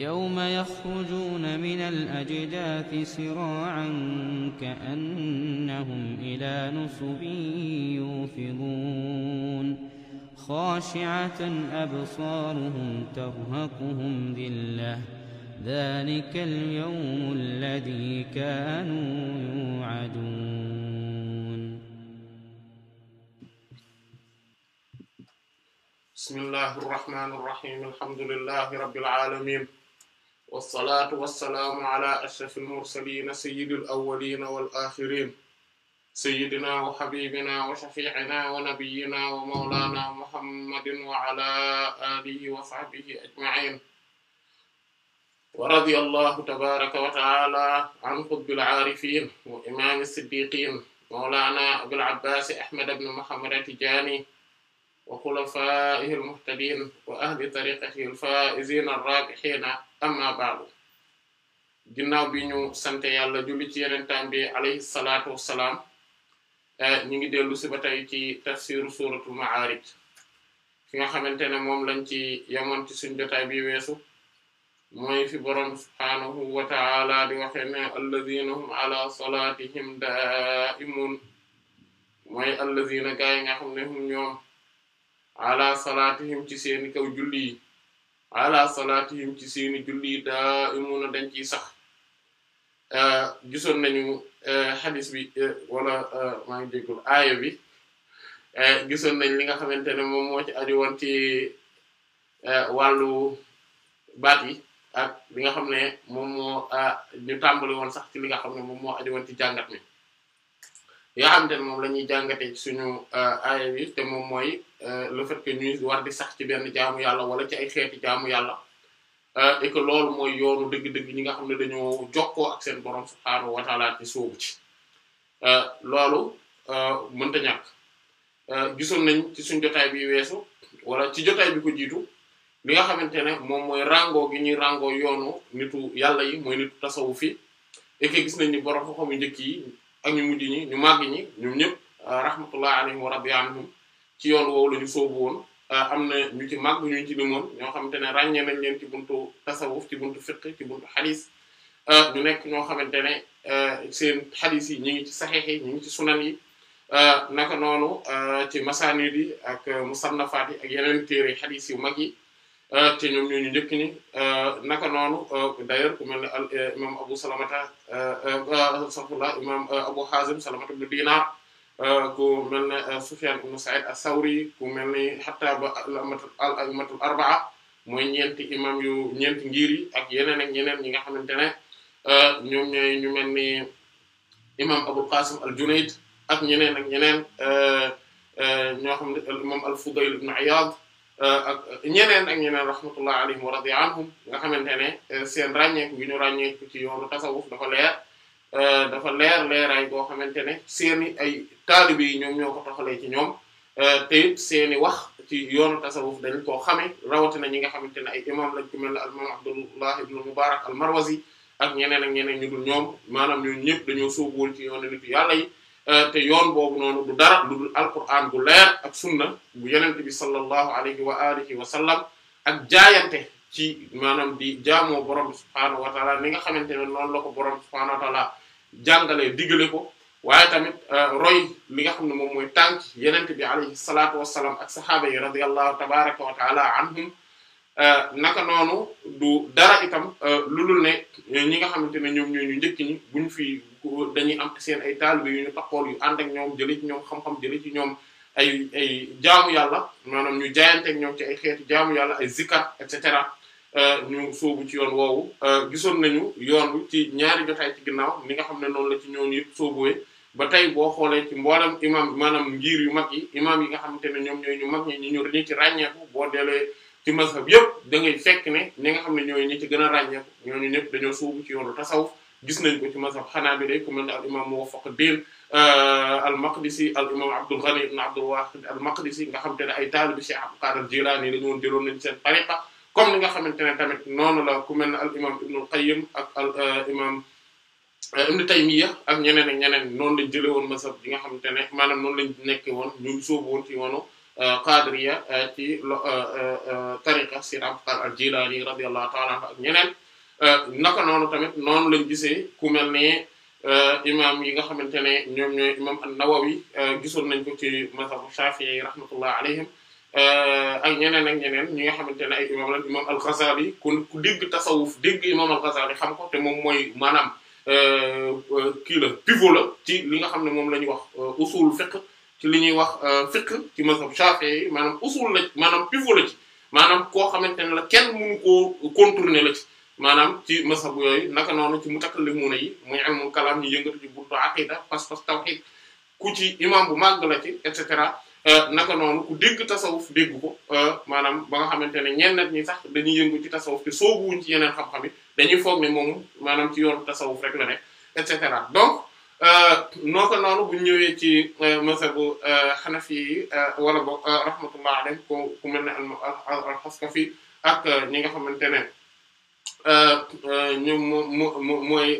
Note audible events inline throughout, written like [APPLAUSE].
يوم يخرجون من الأجداث سراعا كأنهم إلى نصب يوفضون خاشعة أبصارهم ترهقهم ذلة ذلك اليوم الذي كانوا يوعدون بسم الله الرحمن الرحيم الحمد لله رب العالمين wasalaatu wasalaamu ala ashrafil mursaliina sayyidil awwaliina wal aaxiriin sayyidinaa wa habiibinaa wa shafiicinaa wa nabiyyinaa wa mawlaanaa muhammadin wa ala aalihi wa sahbihi ajmaciin. wa radiyallaahu tabaaraka wa ta'aalaa an qutbil caarifiin wa imaami siddiqiin mawlaanaa abil cabbaasi ahmad ibn muhammad at-tijaani wa xulafaa'ihi al-muhtadiin wa ahli tariqatihi al-faa'iziina ar-raabihiina ginnaaw bi ñu sante yàlla julli ci yenentaan bi alayhi salaatu wassalaam eh, ñu ngi dellu si ba tey ci tafsiru suuratul Ma'aarij fi nga xamante ne moom lañ ci yemoon ci suñ bi weesu mooy fi boroom subhaanahu wa ta'aala di waxe ne hum alaa salaatihim daa'imuun mooy alladiina gaa nga xam hum ñoom wala ala salaatihim ci seeni kaw julli yi ala salaatihim ci seeni julli yi daa imuna dañ ciy sax eh, gisoon nañu xadis eh, bi eh, wala maa ngi déggul aaya bi gisoon nañ li nga xamante ne moom moo ci aju woon ci wàllu baat yi ak li nga xam ne moom moo ah, ñu tàmbali woon sax ci li nga xam ne moom moo aju woon ci jàngat mi yoo xamante ne moom la ñuy ci suñu aaya bi te moom mooy Euh, le fait que ñuy war di sax ci benn jaamu yàlla wala ci ay xeeti jaamu yàlla euh, et que loolu mooy yoonu dëgg-dëgg ñi nga xam ne dañoo jokkoo ak seen borom subhaanahu wa ta'ala ci soobu ci euh, loolu gisoon nañ ci suñ jotaay bi weesu wala ci jotaay bi ko jiitu li nga xamante ne moom mooy rango gi ñuy rango yoonu nitu yàlla yi mooy nitu tasawu fi et gis nañ ni borom xam njëkk yi ak ñu mujj ñi ñu màgg ñi ñoom ñëpp rahmatullah alayhim wa rabbi ci yoon woowu la ñu sóobu woon euh, am na ñu ci màgg ñu ci limoon ñoo xamante ne ràññee nañ leen ci buntu tasawuf ci buntu fiqh ci buntu xadis euh, ñu nekk ñoo xamante ne euh, seen xadis yi ñu ngi ci saxiix yi ñu ngi ci sunan yi naka noonu ci masaanid yi ak musannafaat yi ak yeneen téere xadis yu mag yi te ñoom ñoo ñu njëkk naka noonu d'ailleurs ku mel ne al imam Abu Salamata astaghfirullah imam Abu Hazim Euh, ku mel ne euh, Sufyan ibn Sa'id sawri ku mel ni hatta ba al-a'immatul arba'a mooy ñeenti imam yu ñeenti ngir ak yeneen ak ñeneen ñi nga xamante ne euh, ñoom ñooy ñu mel ni imam Abul Qasim al-Junayd ak ñeneen ak ñeneen ñoo xam ne imam al-Fudayl ibn ak ñeneen ak ñeneen rahmatullahi alayhim nga xamante ne seen ràññeeku yu ñu ràññeeku ci yoonu tasawuf dafa leer. Euh, dafa leer leeraay boo xamante ne seeni ay taalibe yi ñoom ñoo ko taxalee ci ñoom euh, te it seeni wax ci yoonu tasawuf dañ koo xame rawatina ñi nga xamante ne ay imam lañ ku mel ne al imam Abdullah ibn Mubarak al Marwazi ak ñeneen ak ñeneen ñu ñoom maanaam ñooñu ñëpp dañoo sóobuwoon ci yoonu nitu yàlla yi euh, te yoon boobu noonu dara lu dul alquran leer ak sunna bu yenent bi sallallahu alayhi wa alihi wa ak jaayante ci maanaam di jaamoo borom bi wa taala ni nga xamante ne noonu la ko borom bi jàngale digale ko waaye tamit euh, roy li nga xam ne moom mooy tànk yenente bi alayhi salaatu wassalaam ak saxaaba yi radiyallahu tabaraka wa taala anhum euh, naka noonu du dara itam euh, lu dul ne ñi nga xamante ne ñoom ñoo ñu njëkk ñi buñ fi dañuy am seen ay taalibe yu ñu taxool yu ànd ak ñoom jële ci ñoom xam jële ci ñoom ay ay jaamu yàlla maanaam ñu jaayanteeg ñoom ci ay xeetu jaamu yàlla ay zikar et cetera Euh, ñu soobu ci yoon woowu euh, gisoon nañu yoon ci ñaari jotaay ci ginnaaw li nga xam ne noonu la ci ñooñu yëpp soobuwee ba tey boo xoolee ci mboolem imam maanaam ngir yu mag yi imam yi nga xamante ne ñoom ñooy ñu mag ñi ñu ñi ci ràññeeku boo delee ci mazhab yëpp da ngay fekk ne ñi nga xam ne ñooy ñi ci gën a ràññeeku ñooñu ñëpp dañoo soobu ci yoonu tasawuf gis nañ ko ci mazhab Hanaabila ku mel ne al imam Muwaffaqud-Din euh, al Maqdisi al imam Abdul Ghani ibn Abdul Wahid al Maqdisi nga xam te ne ay taalibi Cheikh Abdul Qadir Jilani la ñu woon jëloon nañ seen tariqa comme ni nga xamante ne tamit noonu la ku mel ne al imam ibnul qayyim ak al euh, imam euh, ibnu taymiya ak ñeneen ak ñeneen noonu lañ jëlee woon masab bi nga xamante ne maanaam noonu lañ nekkee woon ñu woon ci woonu euh, qadiriya ci lo tariqa sir abqal al jilani radiyallahu ta'ala anhu ak ñeneen naka noonu tamit noonu lañ gisee ku mel ne imam yi nga xamante ne ñoom ñooy imam an-Nawawi gisoon nañ ko ci mazhabu Shafi'i rahmatullah alayhim Euh, ak ñeneen ak ñeneen ñi nga xamante ne ay imam la imam al-Ghazali kon ku dégg tasawuf dégg imam al-Ghazali xam ko te moom mooy maanaam euh, euh, kii la pivot ci li nga xam ne moom la wax usul fiqh ci li ñuy wax fiqh ci mazhab Shafi'i maanaam usul la maanaam pivot ci maanaam koo xamante ne la kenn mënu koo contourner la ci maanaam ci mazhab yooyu naka noonu ci mutakallimuna yi muy ilmul kalam ñu yëngatu ci buntu aqida pas-pas tawhid ku ci imam bu màgg la ci et cetera Euh, naka noonu ku dégg tasawuf dégg ko euh, maanaam ba nga xamante ne ñenn ñi sax dañuy yëngu ci tasawuf te soobuwuñ ci yeneen xam-xam yi dañuy foog ne moom maanaam ci yoonu tasawuf rek la ne et cetera donc euh, noo ko noonu bu ñëwee ci mazhabu xanafi yi wala boog rahmatullah alayhi ku ku mel ne al-Xaskafi ak ñi nga xamante ne ñoom mooy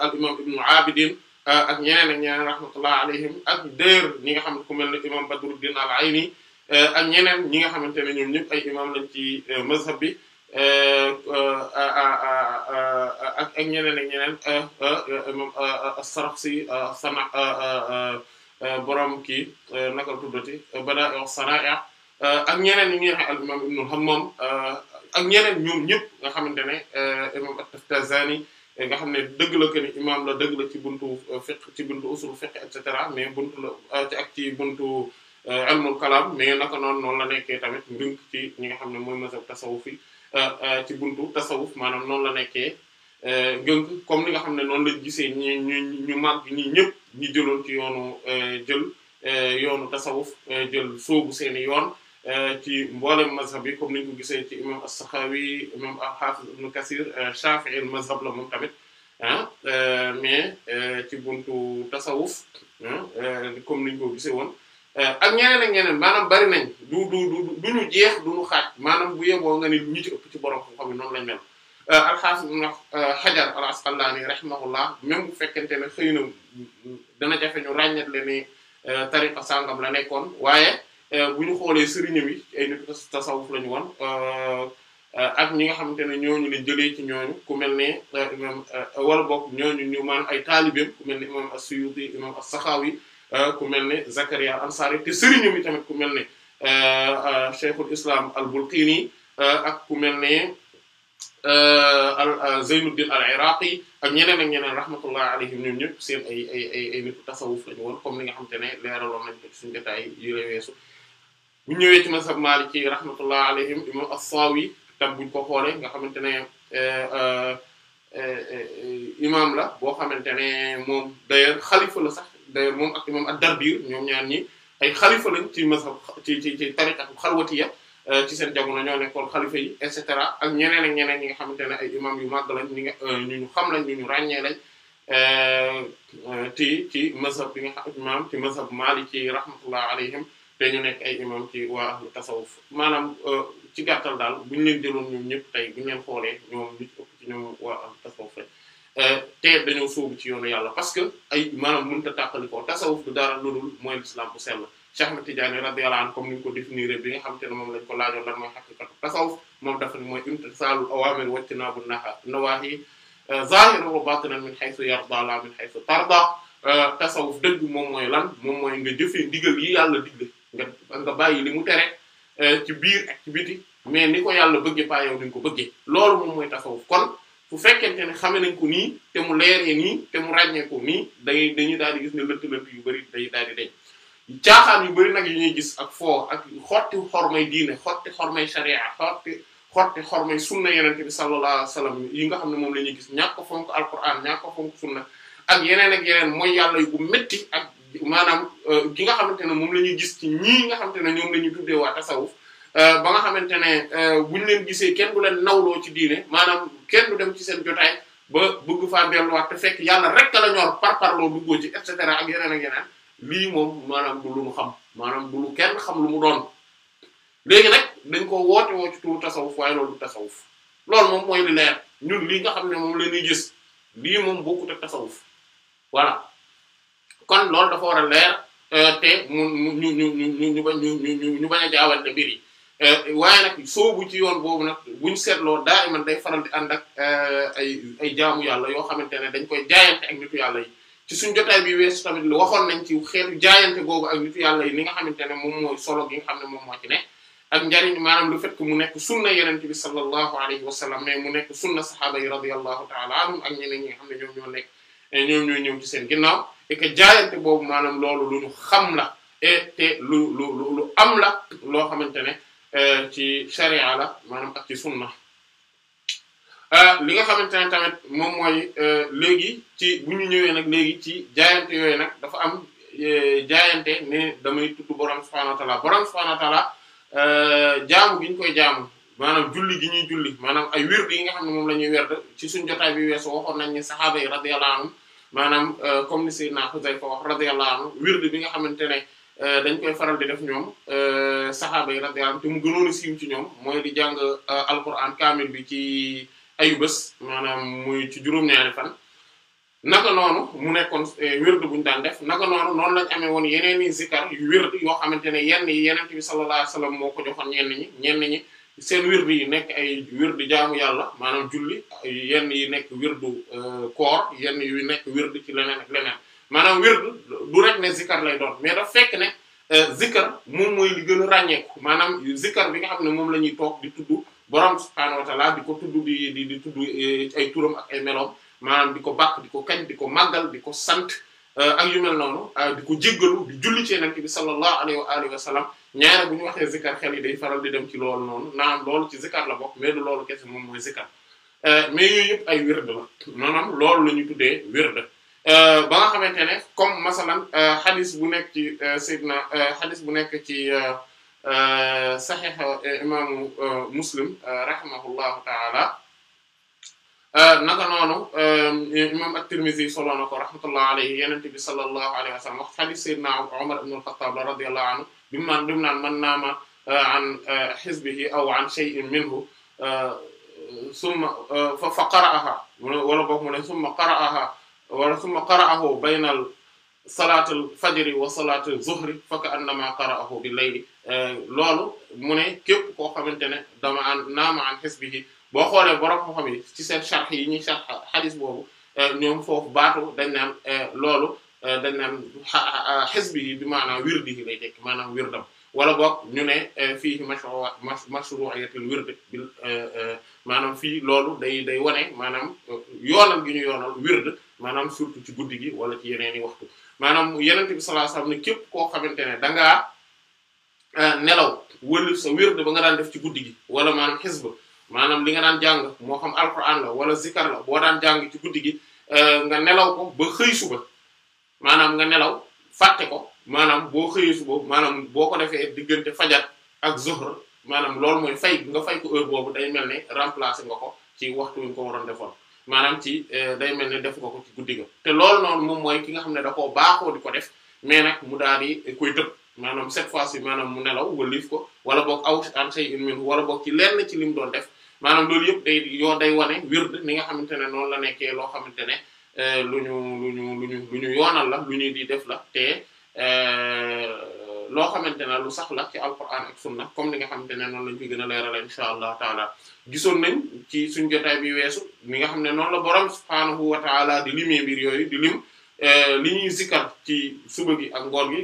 al-imam Abidin Euh, ak ñeneen ak ñeneen rahmatullah alayhim ak dër ñi nga xam ne ku mel ne imam Badruddin al-Ayni euh, ak ñeneen ñi nga xamante ne ñoom ñëpp ay imam lañ ci euh, mazhab bi ak ak ñeneen ak ñeneen imam as-Sarakhsi sana borom kii naka la tuddati Badaa'ih as-Sanaa'i' ak ñeneen ñi nga xam al imam Ibn Hammam ak ñeneen ñoom ñëpp nga xamante ne imam at-Taftazani nga xam ne dëgg la que ni imaam la dëgg la ci buntu euh, fiqh ci buntu usul fiqh et cetera mais buntu la euh, ak ci buntu euh, ilmul kalam mais naka noonu noonu la nekkee tamit ndënk ci ñi nga xam ne mooy mazhab tasawuf yi ci buntu tasawuf maanaam noonu la nekkee ngënk comme li nga xam ne noonu lañ gisee ñi ñu ñu màgg ñi ñëpp ñi jëloon ci yoonu jël yoonu tasawuf jël soobu seeni yoon Euh, ci mboolem mazhab yi comme ni ñu ko gisee ci imam as-Sakhawi imam al-Hafiz ibn Kathir euh, Shafi'i mazhab la moom tamit ah, euh, mais ci buntu tasawuf ah, comme ni ko gisee woon ak ñeneen ak ñeneen maanaam bari nañ du du du ñu jeex du ñu xaaj maanaam bu yeboo nga ni ñi ci ëpp ci borom xam-xam yi noonu lañ mel. al na ibn Hajar al-Asqalani rahimahullah même bu fekkente ne xëy na dana jafe ñu ràññat le ni tariqa sangam la nekkoon waaye. Euh, bu ñu xoolee sëriñam yi ay nit tasawuf lañu woon euh, euh, ak ñi nga xamante ne ñooñu la jëlee ci ñooñu ku mel ne imam wala bokk ñooñu ñu maanaam ay taalibeem ku mel ne imam as-Suyuti imam as-Sakhawi ku mel ne Zakaria al-Ansari te sëriñam yi tamit ku mel ne Cheikhul Islam al-Bulqini ak ku mel ne Zeynuddin al-Iraqi ak ñeneen a ñeneen rahmatullahi alayhim ñu ñëpp seen ay ay ay ay nitu tasawuf lañu woon comme ni nga xamante ne leeraloon nañu ko ci suñu jotaay weesu. bu ñëwee ci mazhab Maliki rahmatullah alayhim imam as-Sawi tam buñ ko xoolee nga xamante ne eh, eh, eh, imam la boo xamante ne moom d'ailleurs xalifa la sax d'ailleurs moom ak imam ad-Dardir ñoom ñaan ñi ay xalifa lañ ci mazhab ci ci ci tariqatu xalwatiya ci seen jamono ñoo nekkoon xalifa et cetera ak ñeneen ak ñeneen ñi nga xamante ne ay imam yu màgg lañ ñi nga xam lañ ñu ñu ràññee lañ ci ci mazhab bi nga xam ci mazhab dañu nekk ay imam ci waa ahlu tasawuf maanaam euh, ci gàttal daal bu ñu leen jëloon ñëpp tey bu ñu leen xoolee ñoom ñu ëpp ci tasawuf rek euh, te dañoo sóobu ci yoonu yàlla parce que ay maanaam mënut a tàqalikoo tasawuf du dara loolu mooy l'islam bu sell Cheikh Ahmed Tidiane radiyallahu anhu comme ni ñu ko définir bi xam te ne moom lañ ko laajoon lan mooy xaqiqatu tasawuf moom dafa ni mooy imtisaalu awaamir wajtinaabu nawaahi euh, zaahiran wa baatinan min haythu yardaa laa min haythu tardaa tasawuf dëgg moom mooy lan moom mooy nga jëfee ndigal yi nga nga bàyyi li mu tere euh, ci biir ak ci biti mais ni ko yàlla bëggee pas yow ko bëgge loolu moom mooy tasawuf kon fu fekkente ne xame nañ ko nii te mu leeree nii te mu ràññeeku ko nii day dañuy daal di gis ne lënt lënt yu bari day daal di deñ caaxaan yu bari nag yu ñuy gis ak foo ak xotti xormay diine xotti xormay sharia xotti xotti xormay sunna yenente bi sallallahu alayhi wasallam yi nga xam ne moom la ñuy gis ñàkk ko fonk alquran ñàkk ko fonk sunna ak yeneen ak yeneen ak maanaam gi euh, nga xamante ne moom la ñuy gis ci ñii nga xamante ne ñoom la ñuy tuddee waa tasawuf euh, ba nga xamante ne euh, buñ leen gisee kenn du leen nawloo ci diine maanaam kenn du dem ci seen jotaay ba bëgg faa delluwaat te fekk yàlla rek la ñor par et cetera ak yeneen ak yeneen lii moom maanaam du lu mu xam maanaam du lu kenn xam lu mu doon léegi nag dañ ko woote woo ci turu tasawuf waaye loolu tasawuf loolu moom mooy li leer ñun lii nga xam ne moom la gis lii moom bokkut ak tasawuf voilà kon loolu dafa war a leer euh, te mu ñu ñu ñu ñu bañ ñu ñu bañ a jaawale te yi euh, waaye nag soobu ci yoon boobu nag buñ seetloo daa iman day faral di ànd ak euh, ay ay jaamu yàlla yoo xamante ne dañ koy jaayante ak nitu yàlla yi ci suñ jotaay bi weesu tamit waxoon nañ ci xeetu jaayante googu ak nitu yi li nga xamante ne moom mooy solo gi nga xam ne moo ci ne ak njariñ maanaam lu fekk mu nekk sunna yenente bi sallallahu alayhi wa salaam mais mu nekk sunna sahaaba yi radiyallahu ta'ala anhum ak ñeneen ñi nga xam ne ñoom nekk et ñoom ñooy ci seen ginnaaw et que jaayante boobu maanaam loolu lu ñu xam la et te lu lu lu am la loo xamante ne euh, ci sharia la maanaam ak ci sunna euh, li nga xamante ne tamit moom mooy euh, léegi ci bu ñu ñëwee nag léegi ci jaayante yooyu nag dafa am jaayante ne damay tudd borom subhanahu wa ta'ala borom subhanahu wa ta'ala jaamu koy jaamu maanaam julli gi ñuy julli maanaam ay wird yi nga xam ne moom la ñuy werd ci suñ jotaay bi weesu waxoon nañ ne saxaaba yi radiyallahu anhum maanaam euh, comme ni Seydina Xuzayfa wax radiyallahu anhu wird bi nga xamante ne euh, dañ koy faral di def ñoom euh, saxaaba yi radiyallahu anhum mu gënoon a siiw ci ñoom mooy di jàng alquran kaamil bi ci ayu bés maanaam muy ci juróom-ñaari fan naka noonu mu nekkoon wird buñu daan def naka noonu noonu lañ amee woon yeneen i zikar wird yoo xamante ne yenn yi yeneen bi sallallahu alayhi wasallam moo ko joxoon ñenn ñi ñenn ñi seen wird yi nekk ay wird jaamu yàlla maanaam julli yenn yi nekk wirdu euh, koor yenn yu nekk wird ci leneen ak leneen maanaam wird du rek ne zikar lay doon mais daf fekk ne euh, zikar moom mooy li gën a ràññeeku maanaam zikar bi nga xam ne moom la ñuy toog di tudd borom subhaanahu wa di ko tudd di di di tudd euh, ay turam ak ay meloom maanaam di ko bàkk di ko kañ di ko màggal di ko sant Euh, ak yu noonu euh, di ku jéggalu di julli nag yeneen bi sallallahu alayhi wa alihi wa sallam ñaare bu ñu waxee zikar xel yi day faral di dem ci loolu noonu naa loolu ci zikar la bokk mais du loolu kese moom mooy zikar euh, mais yooyu yëpp ay wird la maanaam loolu la ñu tuddee wird ba nga xamante ne comme masalan xadis bu nekk ci sayyidina xadis bu nekk ci saxiix imaamu muslim rahimahullahu taala Euh, naka noonu euh, imam at-Tirmidhi solo na ko rahmatullah alayhi yonent bi sallallahu alayhi wa sallam wax hadith sayyidina Umar ibn al-Khattab radiyallahu anhu bi mu naan bi mu naan man naama euh, an hizbihi aw an shay'in minhu summa fa qara'aha wala boog mu ne summa qara'aha wala summa qara'ahu bayna salaat al-fajri wa salaat al-zuhri fa ka'annama qara'ahu bil-layli loolu mu ne képp koo xamante ne dama an naama an hizbihi boo xoolee borom xam xam yi ci seen sharh yi ñuy sharh hadith boobu euh, ñoom foofu baatu dañ naan euh, loolu euh, dañ naan hizbi yi bi maanaam wirdi yi lay tekki maanaam wirdam wala boog ñu ne fii mashru mashru'iyatul wird bi maanaam fii loolu day day wane maanaam yoonal gi ñu yoonal wird maanaam surtout ci guddi gi wala ci yeneen i waxtu maanaam Yonent bi sallallahu ne képp koo xamante ne da ngaa nelaw wëlif sa wird ba nga daan def ci guddi gi wala maanaam xisba maanaam li nga daan jàng moo xam alquran la wala zikar la boo daan jàng ci guddi gi euh, nga nelaw ko ba xëy suba maanaam nga nelaw fàtte ko maanaam boo xëyee suba maanaam boo ko defee diggante fajar ak zuhr maanaam loolu mooy fay nga fay ko heure boobu day mel ne remplacer nga ko ci waxtu wi ko waroon defoon maanaam ci euh, day mel ne def nga ko ci guddi ga te loolu noonu moom mooy ki nga xam ne da koo baaxoo di ko def mais nag mu daal di koy tëb maanaam cette fois-ci maanaam mu nelaw wala liif ko wala boog aw an shay'in min wala boog ci lenn ci li mu doon def maanaam loolu yëpp day yoo day wane wird ni nga xamante ne noon la nekkee loo xamante ne euh, lu ñu lu ñu lu ñu lu ñu yoonal la lu ñuy di def la te euh, loo xamante ne lu sax la ci alquran ak na comme ni nga xamante ne noonu lañ fi gën a leeralal incha allah taala gisoon nañ ci suñ jotaay bi weesu ni nga xam ne noonu la borom subhaanahu wa taala di limee mbir yooyu di lim euh, li ñuy zikkar ci suba gi ak ngoon gi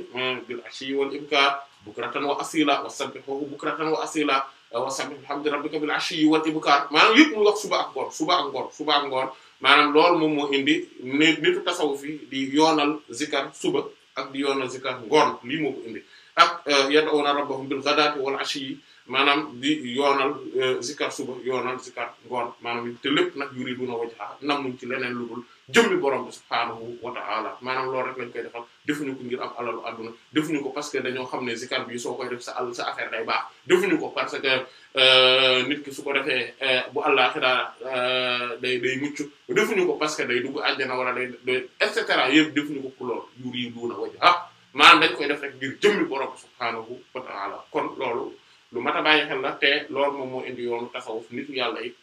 bil ashi wal ibkar bukratan wa asila wa bukratan wa asila wa sabbih bihamdi rabbika bil ashiyyi wal ibkar maanaam yëpp mu wax suba ak ngoon suba ak ngoon suba ak ngoon maanaam loolu moom moo indi nit nitu tasawuf yi di yoonal zikar suba ak di yoonal zikar ngoon lii moo ko indi ak eh, yad'una rabbahum bil ghadati wal ashiyyi maanaam di yoonal eh, zikar suba yoonal zikar ngoon maanaam te lépp nag yuriduna wajha muñ ci leneen lu dul jëmmi borom bi subhaanahu wa ta'ala maanaam loolu rek lañ koy defal defuñu ko ngir am alalu adduna defuñu ko parce que dañoo xam ne zikar bi soo koy def sa al sa affaire day ko parce que euh, nit ki su ko defee euh, bu àllaxira euh, day day mucc defuñu ko parce que day dugg àjjana wala day et cetera yëpp defuñu ko ku lool yuri duuna waj ah maanaam dañ koy def rek ngir jëmmi borom bi subhaanahu wa ta'ala kon loolu lu mat a bàyyi xel la te loolu moom moo indi yoonu tasawuf nitu yàlla yi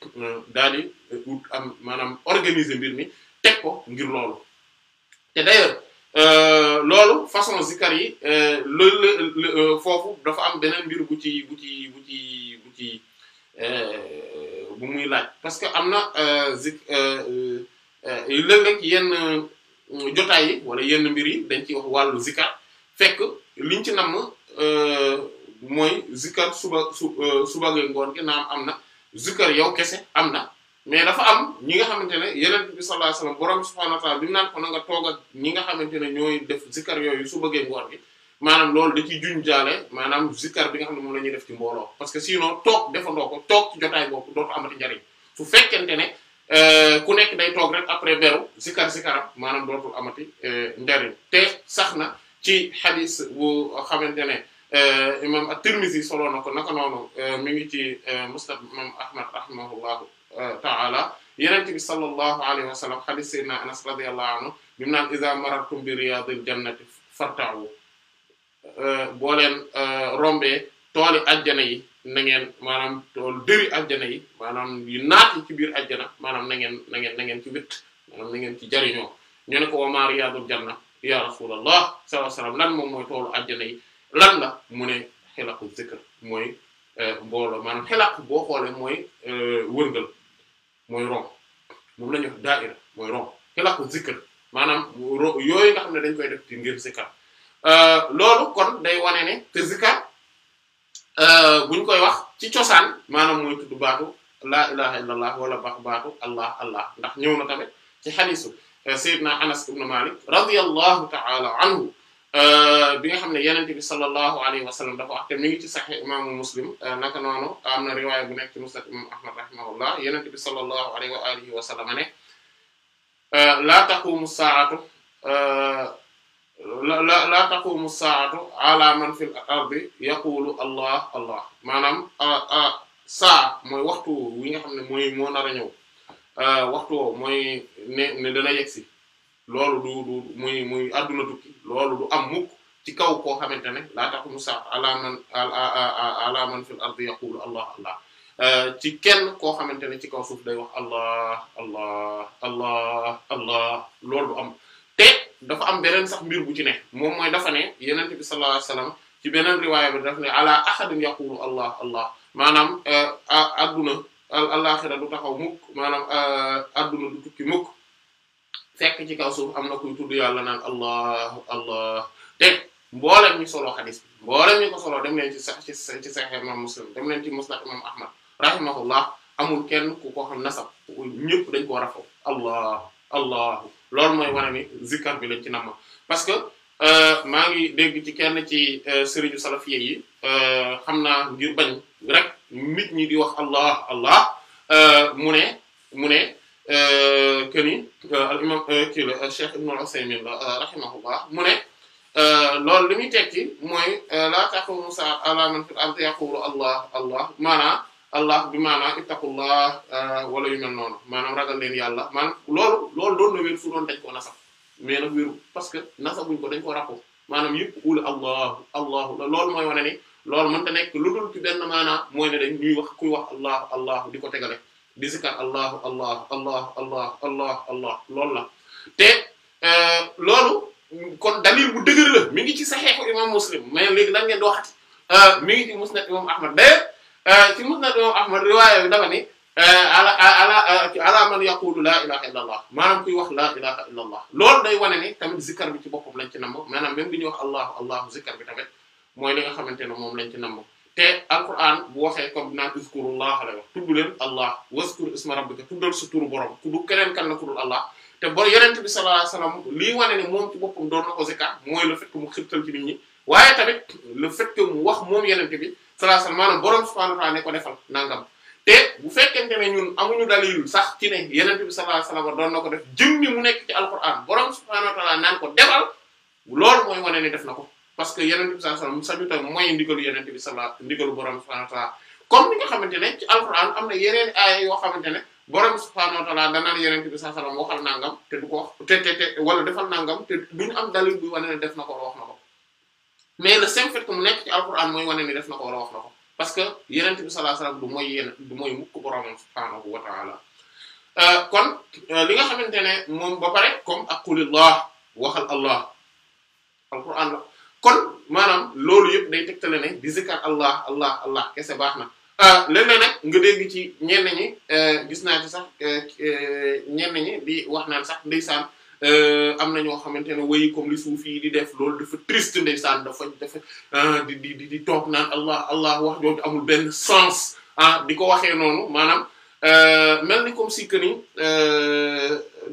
daal am maanaam organiser mbir mi teg ko ngir loolu te d'ailleurs euh, loolu façon zikar yi euh, loolu euh, foofu dafa am beneen mbir bu ci bu ci bu ci bu ci bu muy laaj parce que am na zik léeg-léeg yenn jotaay yi wala yenn mbir yi dañ ci wax wàllu zikar fekk liñ ci namm mooy zikar suba su suba ngoon gi naam am na zikar yow kese am na mais dafa am ñi nga xamante ne yeneen bi sallallahu alayhi wasallam borom subhanahu bi mu na nga toog ak ñi nga xamante ne ñooy def zikkar yooyu su bëggee ngoor gi maanaam loolu da ciy juñ jaale maanaam zikkar bi nga xam ne moom la ñuy def ci mbooloo parce que sinon toog defandoo ko toog ci jotaay boobu dootu amati njariñ su fekkente ne euh, ku nekk day toog rek après beru zikkar zikkaram maanaam dootul amati euh, njariñ te sax na ci xadis bu xamante ne euh, imam at-Tirmidhi soloo na ko naka noonu mi ngi ci musnad imam Ahmad rahimahullahu Euh, taala yenente bi sallallahu alayhi wa sallam hadith sayyidina anas radiyallahu anhu bi mu naan iza marartum bi riyadil jannati farta'u euh, boo leen euh, rombee tooli ajjana yi na ngeen maanaam tool dëri ajjana yi maanaam yu naat yi ci biir ajjana maanaam na ngeen na ngeen na ngeen ci witt maanaam ngeen ci jariñoo ñu ne ko wa ma riyadul janna ya rasulullah sallallahu alayhi wa sallam lan moom mooy toolu ajjana yi lan la mu ne xilaqu zikr mooy mbooloo maanaam xilaq boo xoolee mooy wërngal mooy rond moom la ñuy wax daaira mooy rond xilaa ko zikr maanaam yooyu nga xam ne dañ koy def ci ngir zikar euh, loolu kon day wane ne te zikar euh, buñ koy wax ci cosaan maanaam mooy tudd baatu laa ilaha illallah wala baax baatu allah allah ndax ñëw na tamit ci xadiisu euh, sayyidina anas ibn malik radiyallahu ta'ala anhu Euh, bi nga xam ne yenente bi sallallahu alayhi wa sallam dafa mi ngi ci sahih imaamu muslim euh, naka noonu am na riwaaya bu nekk ci musnad imam ahmad rahimahullah yenente bi sallallahu wa alihi wa sallam ne euh, la laa taqumu saatu ala maanaam saa mooy waxtu wi nga xam ne mooy moo a ñëw waxtu woo mooy ne ne dana loolu du muy muy àdduna tukki loolu du am mukk ci kaw koo xamante ne laa taxumu sax ala man ala man yaqulu allah allah euh, ci kenn koo xamante ne ci kaw suuf day wax allah allah allah loolu du am te dafa am beneen sax mbir bu ci moom mooy dafa ne yenente bi sallallahu alayhi wasallam ci beneen riwaaya bi daf ne ala ahadin yaqulu allah allah maanaam euh, adduna al alaxira du taxaw mukk maanaam euh, adduna du tukki mukk fekk ci kaw am na kuy tudd yàlla naan allah allah te mboolem ñu solo xadis bi mboolem ñu ko solo dem leen ci sax ci ci sax imam muslim dem leen ci musnad imam ahmad rahimahullah amul kenn ku ko xam nasab ñëpp dañ ko rafetlu allah allah loolu mooy wane ni zikkar bi lañ ci nama parce que euh, maa ngi dégg ci kenn ci euh, sëriñu salafiyé yi euh, xam na ngir bañ rek nit ñi di wax allah allah mu ne ne. Euh, que ni euh, al imam euh, kii la Cheikh Ibn al-Usaymin rahimahullah ne loolu li muy tekki mooy la taqumu saa ala man fil ard yaqulu allah allah maanaam allah bi maanaam ittaqullah wala yu mel noonu maanaam ragal leen yàlla maanaam lool loolu doon na wér fu doon dañ nasab mais nag parce que nasabuñ ko dañ ko rappoo maanaam yëpp ul allahu allahu loolu mooy wane ni loolu mënta nekk lu dul ci benn maanaam mooy ne dañ ñuy wax kuy wax allah allah di ko tegale di sikar allahu allahu allahu allahu allah allah loolu la te euh, loolu kon dalil bu dëgër mi ngi ci saxeexu imam muslim mais léegi lan ngeen di waxati euh, mi ngi ci musnad imam ahmad de euh, ci musnad imam ahmad riwaaya bi dafa ni ala ala ala man yaqulu la ilaha illa allah maanaam kuy wax la ilaha illa loolu day wane ni tamit zikar bi ci boppam lañ ci namb maanaam même bi ñuy wax allahu allahu zikar bi tamit mooy li nga xamante ne moom lañ ci namb te alquran bu waxee comme naan uskurullah la wax tudd leen allah waskur isma rabbika tuddal sa turu borom ku du keneen kan la ku dul allah te bor yonent bi sallallahu lii wane ne moom ci boppam doon na ko zikar mooy le fait que mu xirtal ci nit ñi waaye tamit le fait mu wax moom yonent bi sallallahu alayhi wasallam maanaam borom subhanahu wa ta'ala ne ko defal nangam te bu fekkente ne ñun amuñu dalil sax ci ne yonent bi sallallahu alayhi wasallam doon na ko def jëmmi mu nekk ci alquran borom subhanahu wa ta'ala naan ko defal loolu mooy wane ne def na ko. parce que yeneen bi sallallahu alayhi wasallam sañu ta mooy ndigalu yeneen bi sallallahu ndigalu borom subhanahu wa ta'ala am na yeneen ay yoo xamante ne borom subhanahu wa ta'ala danaan yeneen bi sallallahu alayhi wasallam waxal nangam te du am dalil buy wane na mais le simple fait que mu na ko wala wax parce que yeneen bi sallallahu alayhi wasallam du mooy yeneen du mooy mukk euh, kon euh, li nga xamante ne moom ba pare comme aqulillah waxal allah kon maanaam loolu yëpp day tegtale ne di zikar allah allah kese baax na euh, léeg-léeg nag nga dégg ci ñenn ñi euh, gis naa ci sax euh, ñenn ñi di wax naan sax ndeysaan am na ñoo xamante ne woy comme li suuf yi di def loolu dafa triste ndeysaan dafa dafa di di di toog naan allah allah wax jooju amul benn sens ah di ko waxee noonu maanaam mel ni comme si que ni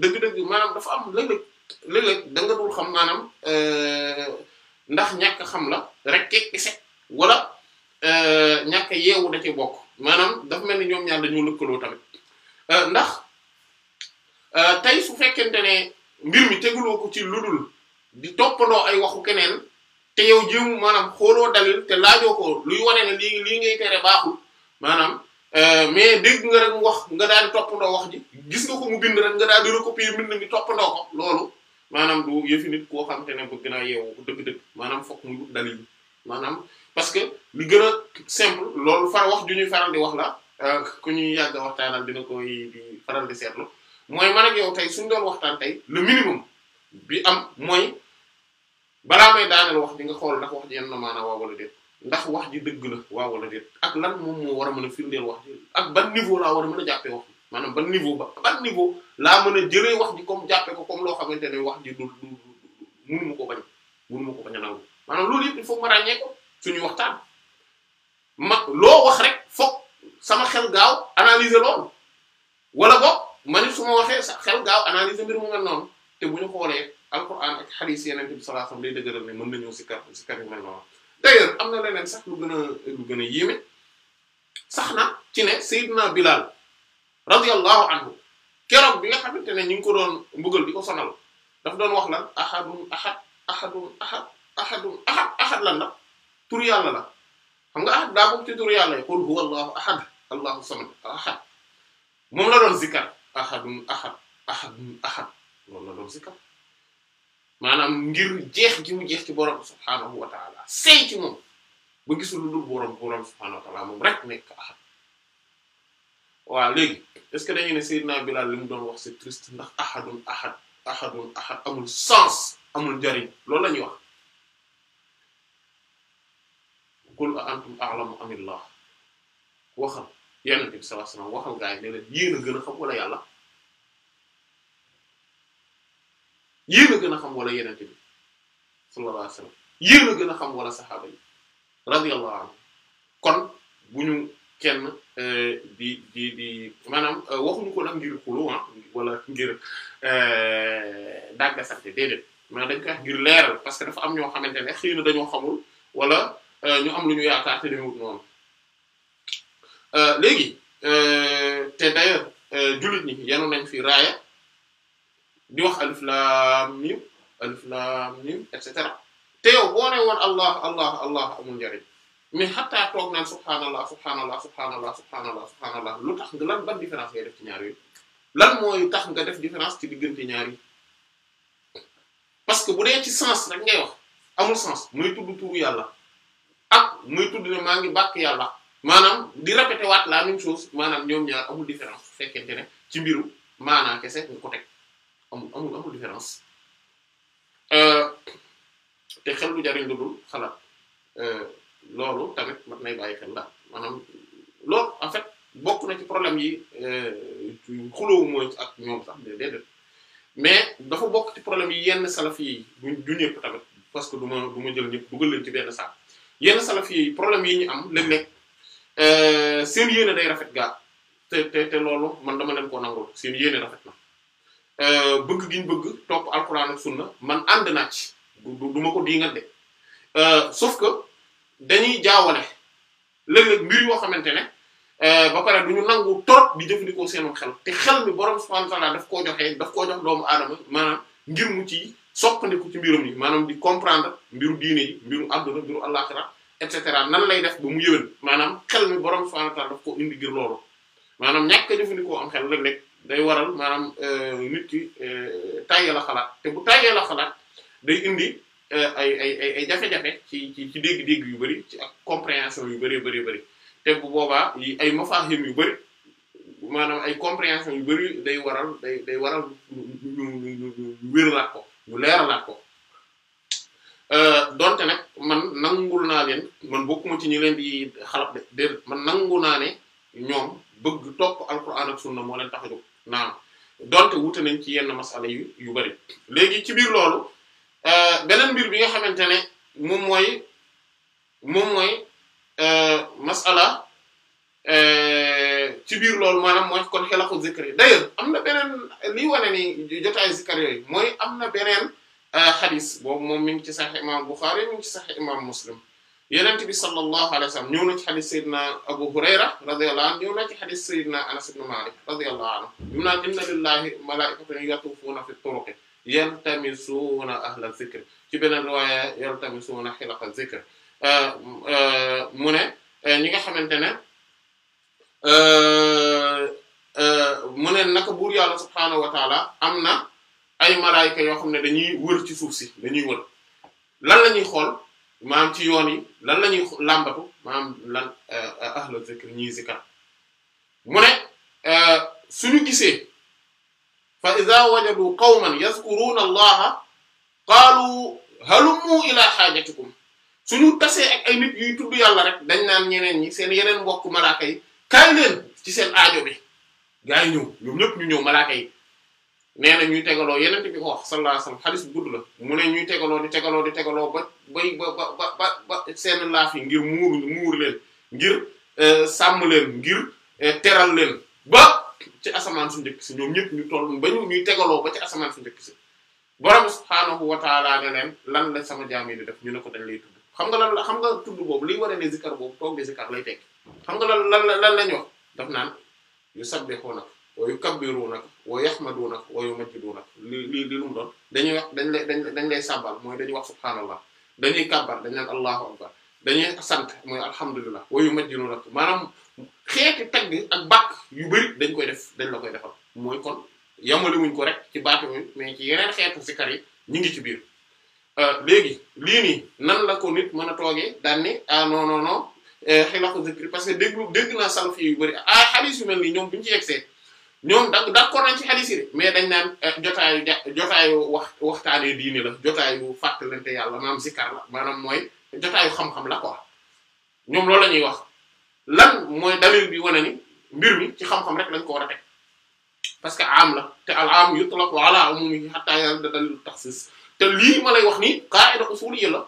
dëgg-dëgg maanaam dafa am léeg-léeg léeg-léeg da dul xam maanaam ndax ñàkk xam la rek keeg di set wala euh, ñàkk yeewu da ci bokk maanaam dafa mel ni ñoom ñaar dañoo lëkkaloo tamit euh, ndax euh, tey su fekkente ne mbir mi teguloo ko ci lu dul di toppandoo ay waxu keneen te yow jiw maanaam xooloo dalil te laajoo ko luy wane ne lii lii ngay tere baaxul maanaam mais dégg nga rek mu wax nga daal di toppandoo wax ji gis nga ko mu bind rek nga daal di recopier mbind mi toppandoo ko loolu maanaam du yëfi nit koo xam te ne bëgg naa yeewu dëgg-dëgg maanaam fokk mu wut maanaam parce que li gën a simple loolu far wax ju ñuy faral di wax la euh, ku ñuy yàgg a waxtaanal dina koy faral di seetlu mooy man ak yow tey suñ doon waxtaan tey le minimum bi am mooy balaa may daaneel wax di nga xool ndax wax ji na maanaam waaw wala déet ndax wax ji dëgg la waaw wala déet ak lan moom moo war a mën a firndeel wax ji ak ban niveau laa war a mën a jàppee maanaam ba niveau ba ban niveau laa mën a jëlee wax ji comme jàppe ko comme loo xamante ne wax ji du du munu ko bañ munu ma ko bañ a nangu maanaam loolu yëpp il faut ma ràññee ko suñuy waxtaan ma loo wax rek foog sama xel gaaw analyser loolu wala boog ma ni waxee sa xel gaaw analyser mbir mu mel noonu te bu ñu xoolee alquran ak hadith yeneen bi sallallahu alayhi wasallam day dëgëral ne mën si kar si kar yu mel noonu d'ailleurs am na leneen sax lu gën a lu gën a yéeme sax na ci ne Seydina Bilal radiyallahu anhu keroog bi nga xamante ne ñu ngi ko doon mbugal di ko sonal daf doon wax lan ahadun ahad ahadun a ahadun ahad ahad lan la tur yàlla la xam nga ahad daa bokk ci tur yàlla yi qul huwa allahu ahad allahu samad ahad moom la doon zikar ahadun ahad ahadun ahad loolu la doon zikar maanaam ngir jeex gi mu jeex ci borom subhaanahu wa taala sey ci moom ba gisul lu dul borom borom subhaanahu wa taala moom rek nekk ahad waaw léegi est-ce que dañu ne Seydina Bilal li mu doon wax c'est triste ndax ahadun ahad ahadun ahad amul sens amul jariñ loolu la ñuy wax qul a antum a'lamu amillah waxal yonent bi sallallahu alayhi wasallam waxal gaa yi ne leen yéen a gën a xam wala yàlla yéen a gën a xam wala yonent bi sallallahu alayhi wasallam gën a wala saxaaba yi radiyallahu anhu kon bu ñu kenn euh, di di di maanaam euh, waxuñu ko nag ngir xuloo ah ngir euh, dàgga sante déedéet maanaam dañ koy wax ngir leeral parce que dafa am ñoo xamante ne xëy na dañoo xamul wala ñu am lu ñu yaakaar te demewut noonu léegi te d'ailleurs jullit ñi yenu nañ fi raaya di wax alif laam mim alif laam mim et cetera te amul njariñ mais xattaa toog naan subhaanallah subhaanallah subhaanallah subhaanallah subhaanallah lu tax nga lan ban différence ngay def ci ñaar yooyu lan mooy tax nga def différence ci diggante ñaar yi parce que bu dee ci sens rek ngay wax amul sens muy tudd turu yàlla ak muy tudd ne maa ngi bàkk yàlla maanaam di répété waat la même chose maanaam ñoom ñaar amul différence bu fekkente ne ci mbiru maanaa kese nga ko teg amul amul amul différence euh, te xel lu jariñ lu dul xalaat. Euh, loolu tamit mat nay bàyyi xel daal maanaam loolu en fait bokk na ci problème yi euh, xulóowu mooy ak ñoom sax de déedéet mais dafa bokk ci problème yi yenn salaf yi du du ñëpp tamit parce que du ma du ma jël ñëpp dugal leen ci benn saak yenn salaf problème yi ñu am léeg-léeg euh, seen yéene day rafet loolu man dama leen koo nangul seen na euh, bëgg giñ ñu bëgg topp alxuraan sunna man ànd naa ci du ko diingat sauf que. dañuy jaawale léeg-léeg mbir yoo xamante ne euh, ba pare du ñu nangu trop di jëfandikoo seenum xel te xel mi borom subhanahu wa daf koo joxee daf koo jox doomu aadama maanaam ngir mu ci soppandiku ci mbirum yi maanaam di comprendre mbiru diine yi mbiru àdduna mbiru àllaxira et cetera nan lay def ba mu yëwén maanaam xel mi borom subhanahu wa daf koo indi ngir loolu maanaam ñàkk a jëfandikoo am xel léeg-léeg day waral maanaam euh, nit ki euh, tàyyee la xalaat te bu tàyyee day indi Euh, ay ay ay ay jafe-jafe ci ci ci dégg-dégg yu bëri ci ak compréhension yu bëree bëri bëri te bu boobaa ay mafahim yu bëri maanaam ay compréhension yu bëri day waral day day waral ñu ñu ñu ñu wéralaat ko ñu leeralaat ko euh, donte nag man nangul naa leen man bokkuma ci ñi leen di xalab de man nangu naa ne ñoom bëgg topp ak sunna moo leen tax a jóg naam donte wute nañ ci yenn masala yu yu bëri léegi ci biir loolu. Euh, beneen mbir bi nga xamante ne moom mooy moom mooy euh, masala euh, ci biir loolu maanaam mooy kon xelaxu zikr yi d'ailleurs am na beneen liy wane ni jotaay zikr yooyu mooy am na beneen xadis boobu moom mi ngi ci saxee imam Bukhari mi ngi ci saxee imam Muslim yenent bi sallallahu alayhi wa sallam ñëw na ci xadis sayyidina Abu Hurayra radiyallahu anhu ñëw na ci xadis sayyidina Anas ibn Malik radiyallahu anhu bi mu fi turuqi yaltamisuuna ahla zikr ci beneen riwaaya yaltamisuuna hilqa zikr euh, euh, mu ne euh, ñi nga xamante ne mu ne naka buur yàlla subhaanahu wa am na ay malaayka yoo xam ne dañuy wër ci suuf si dañuy wër lan la ñuy xool maanaam ci yoon yi lan la ñuy làmbatu maam lan ahla zikr ñiy zikar mu ne suñu gisee fa idha wajadu qawman yazkuruna allaha qaalu halummu ilaa haajatikum suñu tasee ak ay yuy tudd yàlla rek dañ naan ñeneen ñi seen yeneen mbokk malaaka yi kaay leen ci seen aajo bi gaa yi ñëw ñoom ñëpp ñu ñëw malaaka yi nee na ñuy tegaloo yeneen bi ko wax sallallahu bu la mu ne ñuy tegaloo di tegaloo di tegaloo ba bay ba ba ba ngir muur muur leen ngir eh, sàmm leen ngir eh, teral leen ci asamaan su njëkk si ñoom ñëpp ñu toll ba ñu ñuy tegaloo ba ci asamaan su njëkk si borom subhaanahu lan la sama jaam yi def ñu ne ko dañ xam nga lan la xam nga tudd boobu liy waree ne zikar boobu toog di zikar lay tekki xam nga lan lan lan lañ wax daf naan yusabbihuunaka wa yukabbiruunaka wa yahmaduunaka wa yumajjiduunaka li li li lu mu doon dañuy wax dañ lay dañ dañ lay sàbbal mooy dañuy wax subhaanallah dañuy kàbbar dañ naan allahu akbar sant mooy alhamdulillah wa yumajjiduunaka maanaam xeeti tagg ak bàkk yu bëri dañ koy def dañ la koy defal mooy kon yamale ko rek ci baatu mi mais ci yeneen xeetu sikar yi ñu ngi ci biir euh, léegi lii nii nan la ko nit mën a toogee daan ni ah non non non ko euh, zikri parce que déglu dégg naa salaf yu bëri ah xadiis yu mel nii ñoom bu ñu ci yegsee ñoom da d'accord nañ ci xadiis yi mais dañ naan euh, jotaayu ja jotaayu wax waxtaanee diini la jotaayu fàttalante yàlla maanaam sikar la maanaam mooy jotaayu xam-xam la quoi ñoom loolu la ñuy wax. lan mooy dalil bi wane ni mbir mi ci xam-xam rek lañ ko war a teg parce que am la te al am yutlaqu ala umumihi hatta yarda dalilu takhsis te lii ma lay wax nii qaida usuliyya la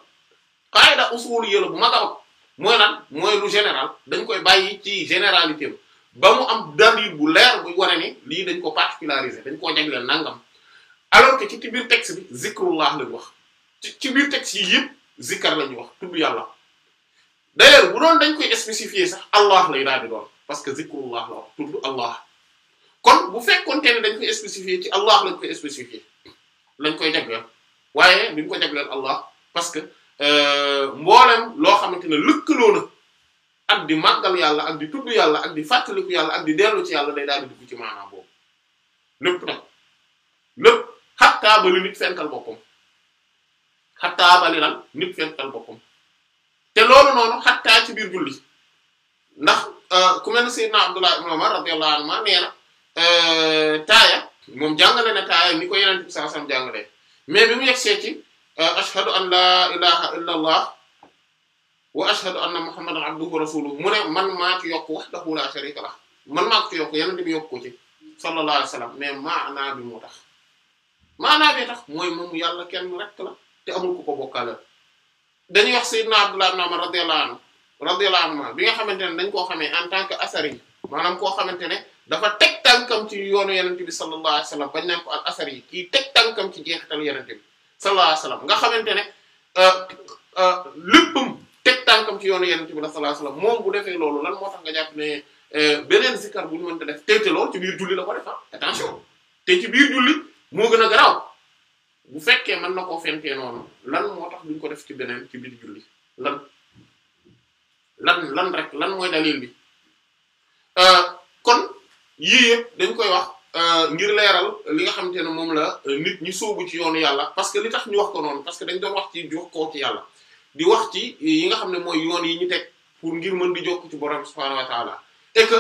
qaida usuliyya la bu mag a mag mooy lan mooy lu général dañ koy bàyyi ci généralité ba mu am dalil bu leer buy wane ni lii dañ ko particularisé dañ koo jagleel nangam alors que ci biir texte bi zikrullah lañ wax ci biir texte yi yëpp zikar lañu wax tudd yàlla d'ailleurs bu doon dañ koy spécifier sax allah lay daal di doon parce que zikrullah la wax tudd allah kon bu fekkoonte ne dañ koy spécifier ci allah lañ koy spécifier lañ koy jagleel waaye duñ ko jagleel allah parce que euh, mboolem loo xamante ne lëkkaloo na ak di màggal yàlla ak di tudd yàlla ak di fàttaliku yàlla ak di dellu ci yàlla day daal di dugg ci maanaam boobu lépp nag lépp xattaa ba li nit fenkal boppam xattaa ba li lan nit fenkal boppam loolu noonu xattaa ci biir julli ndax euh, ku mel ne Seydina Abdullah ibn Umar na euh, taaya moom jàngale na taaya euh, rek te amul ku ko bokkaale dañuy wax sayyidna Abdullah ibn Umar radiyallahu anhu radiyallahu anhu bi nga xamante ne dañ koo xamee en tant que assari maanaam koo xamante ne dafa teg tànkam ci yoonu yenente bi sallallahu alayhi wasallam bañ naan ko al asari yi kii teg tànkam ci jeexital yenente bi sallallahu alayhi wasallam nga xamante ne euh, euh, léppam teg tànkam ci yoonu yenente bi la sallallahu alayhi wasallam moom bu defee loolu lan moo tax nga jàpp ne euh, beneen zikkar bu ñu mënta def teyte loolu ci biir julli la ko def ah, attention te ci biir julli moo gën a garaaw bu fekkee mën na koo fentee noonu lan moo tax duñ ko def ci beneen ci biir julli lan lan lan rek lan mooy dalil bi euh, kon yii yëpp dañ koy wax euh, ngir leeral li nga xam xamante ne moom la euh, nit ñi soogu ci yoonu yàlla parce que li tax ñu wax ko noonu parce que dañ doon wax ci di wax koo ci yàlla di wax ci yi nga xam ne mooy yoon yi ñu teg pour ngir mën di jokk ci borom subhaanahu wa taala et que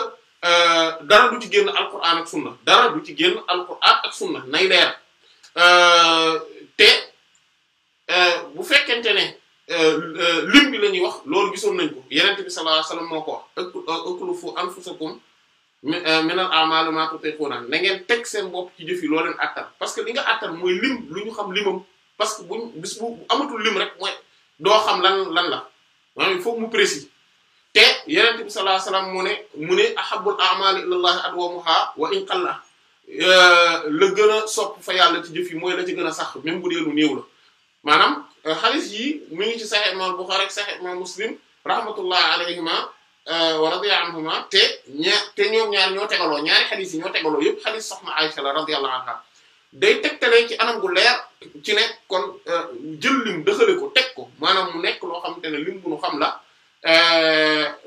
dara du ci génn alquran ak sunna dara du ci génn alquran ak sunna leer Euh, te euh, bu fekkente ne euh, lim bi la ñuy wax loolu gisoon nañ ko yeneen bi sallallahu alayhi moo ko wax uklufu anfusakum minal a'mali ma tutiquna na ngeen teg seen bopp ci jëf yi loo parce que li nga attan mooy lim lu ñu xam limam parce que buñ bis bu amatul lim rek mooy doo xam lan lan la maanaam il faut mu précis te yeneen bi sallallahu alayhi wasallam mu ne mu ne ahabbul a'mali ilallahi adwamuha wa in qalla Euh, la gën a sopp fa yàlla ci jëf yi mooy la ci gën a sax même bu dee lu néew la maanaam xaalis euh, yi mu ngi ci Sahih Imam Bukhari ak Sahih Imam Muslim rahmatullah alayhima euh, wa radiya anhuma te ña te ñoom ñaar ñoo tegaloo ñaari xadis yi ñoo tegaloo yëpp xadis ma Aisha la radiyallahu anha day tegtalee ci anam gu leer ci ne kon jël lim dëxale ko teg ko maanaam mu nekk loo xamante ne lim bu nu xam la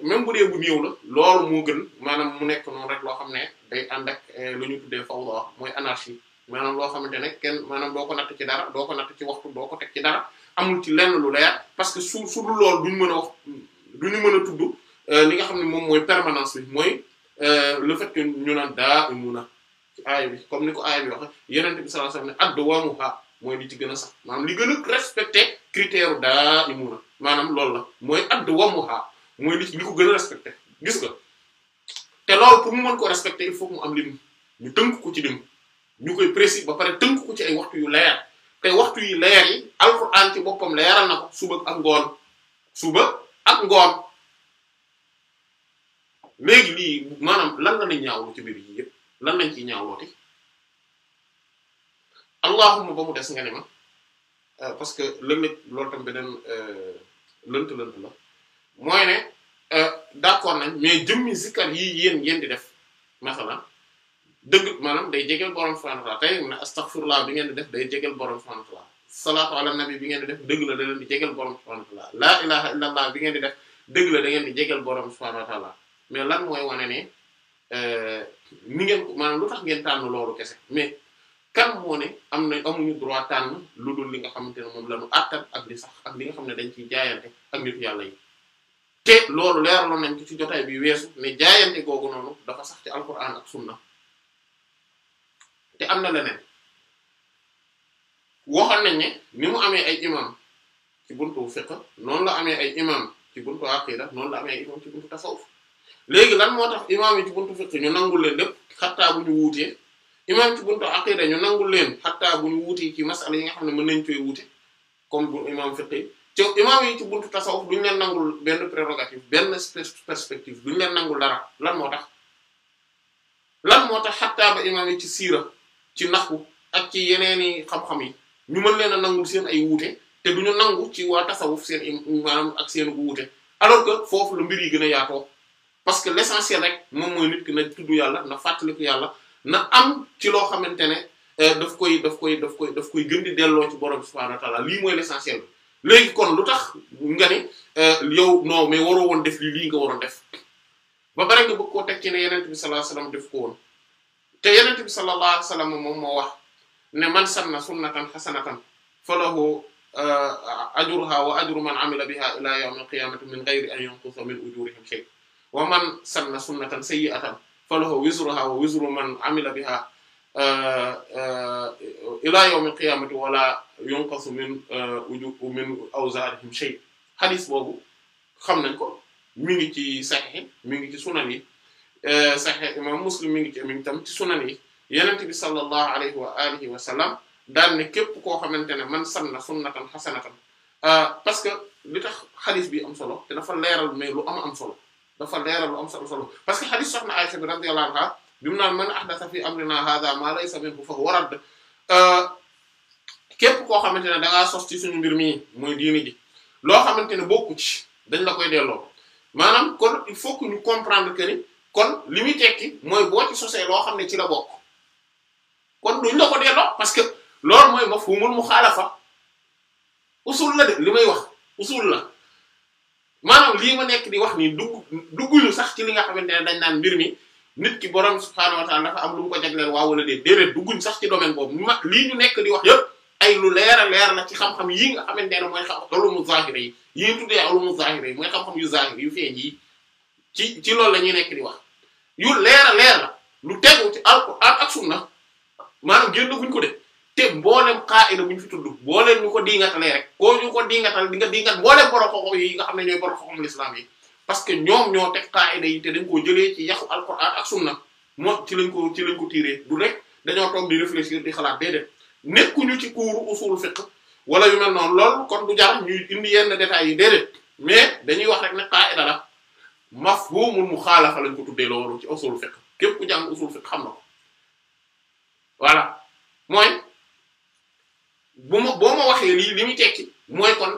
même bu dee bu néew la loolu moo gën maanaam mu nekk noonu rek loo xam ne day ànd ak eh, lu ñu tuddee fawda mooy anarchie maanaam loo xamante ne kenn maanaam doo ko natt ci dara doo ko natt ci waxtu doo ko teg ci dara amul ci lenn lu leer parce que su su dul loolu duñ mën a wax duñu a tudd eh, li nga xam ne moom mooy permanence bi mooy eh, le fait que ñu naan daa mun a ci aaya bi comme ni ko aaya bi waxe yeneen bi sallallahu alayhi wasallam ne ad-dawaamuha mooy li ci gën a sax maanaam li gën a respecté critère daa imuna maanaam loolu la mooy ad-dawaamuha mooy li li a respecté te loolu pour mu mën ko respecter il faut mu am lim ñu tënk ko ci lim ñu koy précis ba pare tënk ko ci ay waxtu yu leer te waxtu yu leer yi alquran ci boppam leeral na ko suba ak ngoon suba ak ngoon léegi lii maanaam lan la nañ ñaawlu ci mbir yi yëpp lan lañ ciy ñaawlooti allahumma ba mu des nga ne ma euh, parce que lënd loolu tam beneen euh, lënt lënt la mooy ne Euh, d'accord nañ mais jëmmi zikkar yi yéen yéen di def masalan dëgg maanaam day jegel borom subhanahu wa ta'ala tey na bi ngeen di def day jegeel borom subhanahu wa ta'ala salaatu ala nabi bi ngeen di def dëgg la da ngeen di jegel borom subhanahu wa ta'ala laa ilaha bi ngeen di def dëgg la da ngeen di jegeel borom subhanahu wa mais lan mooy wane ne euh, ni ngeen ko maanaam lu tax ngeen tànn loolu kese mais kan moo ne am na amuñu droit tànn lu dul li nga xamante ne moom la ñu àttal ak li sax ak li nga xam ne dañ ciy jaayante ak nitu yàlla yi. te loolu leeraloon nañ ko ci jotaay bi weesu mais jaayante googu noonu dafa sax ci alquran ak sunna te am na leneen waxoon nañ ne ni mu amee ay imam ci buntu fiqh noonu la amee ay imam ci buntu aqida noonu la amee ay imam ci buntu tasawuf léegi lan moo tax imam yi ci buntu fiqh ñu nangu leen lépp xattaa bu ñu wuutee imam ci buntu aqida ñu nangul leen xattaa bu ñu wuutee ci masala yi nga xam ne mën nañ koy wuute comme bu imam fiqh ci imaam yi ci buntu tasawuf duñu leen nangul benn prérogative benn perspective duñu leen nangul dara lan moo tax lan moo tax xattaa ba imaam yi ci siira ci naxu ak ci yeneeni xam-xam yi ñu mën leen a nangul seen ay wuute te duñu nangu ci waa tasawuf seen maanaam ak seen gu wuute alors que foofu la mbir yi gën a yaatoo parce que l'essentiel rek moom mooy nit ki na tudd yàlla na fàttaliku yàlla na am ci loo xamante ne eh, daf koy daf koy daf koy daf koy gën di delloo ci borom subhaanahu wa lii mooy l'essentiel bi léegi kon lu tax nga ni euh, yow non mais waroo woon def lii lii nga waroon def ba pare nga bëgg koo ne yonent bi sallallahu alayhi def ko woon te yonent bi sallallahu alayhi moom moo wax ne man sanna sunnatan hasanatan falahu euh, ajruha wa ajru man amila biha ila yawm al-qiyamati min ghayri an yanqusa min ujurihim shay wa man sanna sunnatan sayyi'atan falahu wizruha wa wizru man amila biha euh, ila yawm al-qiyamati wala yunqasu min uh, uju min awzaarihim shay xadis boobu xam nañ ko mi ngi ci saxiix mi ngi ci sunan yi uh, saxiix imam muslim mi ngi ci mi ngi tam ci sunan yi yenent bi sallallahu alayhi wa alihi wa sallam daan ne képp koo xamante ne man sanna sunnatan xasanatan uh, parce que li tax xadis bi am solo te dafa leeral mais lu am am solo dafa leeral lu am solo parce que xadis soxna Aysa bi radiyallahu anha bi mu naan man ahdatha fi amrina hadha ma laysa minhu fa huwa radd képp koo xamante ne da ngaa sos ci suñu mbir mi mooy diini ji loo xamante ne bokku ci dañ la koy delloo maanaam kon il faut que ñu comprendre que ni kon li muy tekki mooy boo ci sosee loo xam ne ci la bokk kon duñ la ko delloo parce que loolu mooy mafhumul muxaalafa usul la de li may wax usul la maanaam lii ma nekk di wax nii dugg dugguñu sax ci li nga xamante ne dañ naan mbir mi nit ki borom subhaanahu wa ta'aala am lu mu ko jagleel waaw wala déet déedéet dugguñ sax ci domaine boobu ma lii ñu nekk di wax yépp ay lu leer a leer la ci xam-xam yi nga xamante ne mooy xam ulumu zahiri yi yi ñu tuddee ulumu zahiri yi mooy xam-xam yu zahiri yu feeñ yi ci ci loolu la ñuy nekk di wax yu leer a leer la lu tegu ci alquran ak sunna maanaam génn guñ ko de te mboolem qaida buñ fi tudd mboolem ñu ko diingatalee rek koo ñu ko diingatal di nga diingat mboolem borom xoxo yi nga xam ne ñooy borom xoxom l'islam yi parce que ñoom ñoo teg qaida yi te dañ koo jëlee ci yaxu alquran ak sunna moo ci lañ ko ci lañ ko tiré du rek dañoo toog di réfléchir di xalaat déedéet nekkuñu ci kuuru usul fiqh wala yu mel noonu loolu kon du jar ñuy indi yenn détails yi déedéet mais dañuy wax rek ne qaa'ida la mafhumul muxaalafa lañ ko tuddee loolu ci usul fiqh képp ku jàng usul fiqh xam na ko voilà mooy bu ma boo ma waxee lii li muy tekki mooy kon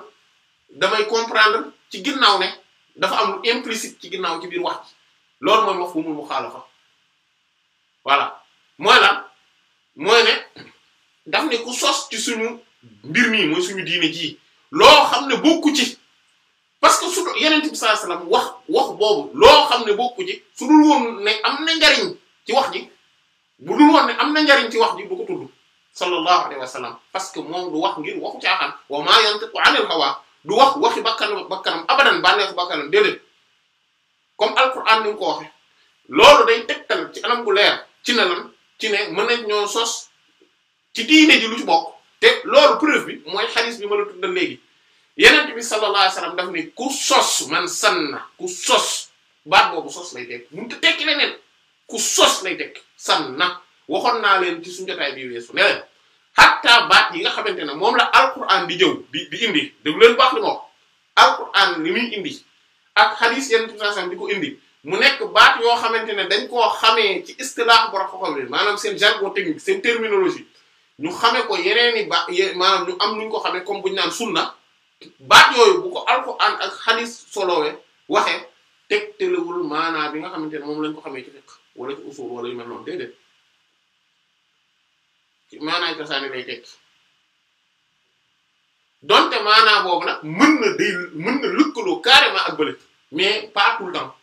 damay comprendre ci ginnaaw ne dafa am lu implicite ci ginnaaw ci biir wax ji loolu mooy mu muxaalafa voilà mooy lan mooy ne. daf ne ku sos ci suñu mbir mii muy suñu diine jii loo xam ne bokku ci parce que su yenent bi sallallahu alayhi wasallam wax wax boobu loo xam ne bokku ci su dul woon ne am na njariñ ci wax ji bu dul woon ne am na njariñ ci wax ji du ko tudd sallallahu alayhi wasallam parce que moom du wax ngir waxu caaxaan wa ma yantiqu anil hawa du wax waxi bakkanam bakkanam abadan bànneexu bakkanam déedéet comme alquran ni mu ko waxe loolu day tegtal ci anam bu leer ci ne lan ci ne mën nañ ñoo sos ci diine ji lu ci bokk te loolu preuve bi mooy xadis bi ma la tuddal léegi yeneen bi sallallahu alayhi wasallam daf ne ku sos man sanna ku sos baat boobu sos lay tekk mënut a tekki leneen ku sos lay tekk sanna waxoon naa leen ci suñu jotaay bi weesu ne leen baat yi nga xamante ne moom la alquran di jëw di di indi leen baax li ma wax alquran li muy indi ak xadis yeneen bi sallallahu alayhi ko indi mu nekk baat yoo xamante ne dañ koo xamee ci istilah bu rafetlu maanaam seen jargon technique seen terminologie. ñu xamee ko yeneen i ba maanaam ñu am nuñ ko xamee comme bu ñu naan sunna baat yooyu bu ko alxuraan ak xadiis solowee waxee tegtalewul maanaa bi nga xamante ne moom lañ ko xamee ci fiqh wala ci usul wala yu mel noonu déedéet maanaay cosaani lay tekki donte maanaa boobu nag mën na day mën na lëkkaloo ak bële mais pas tout le temps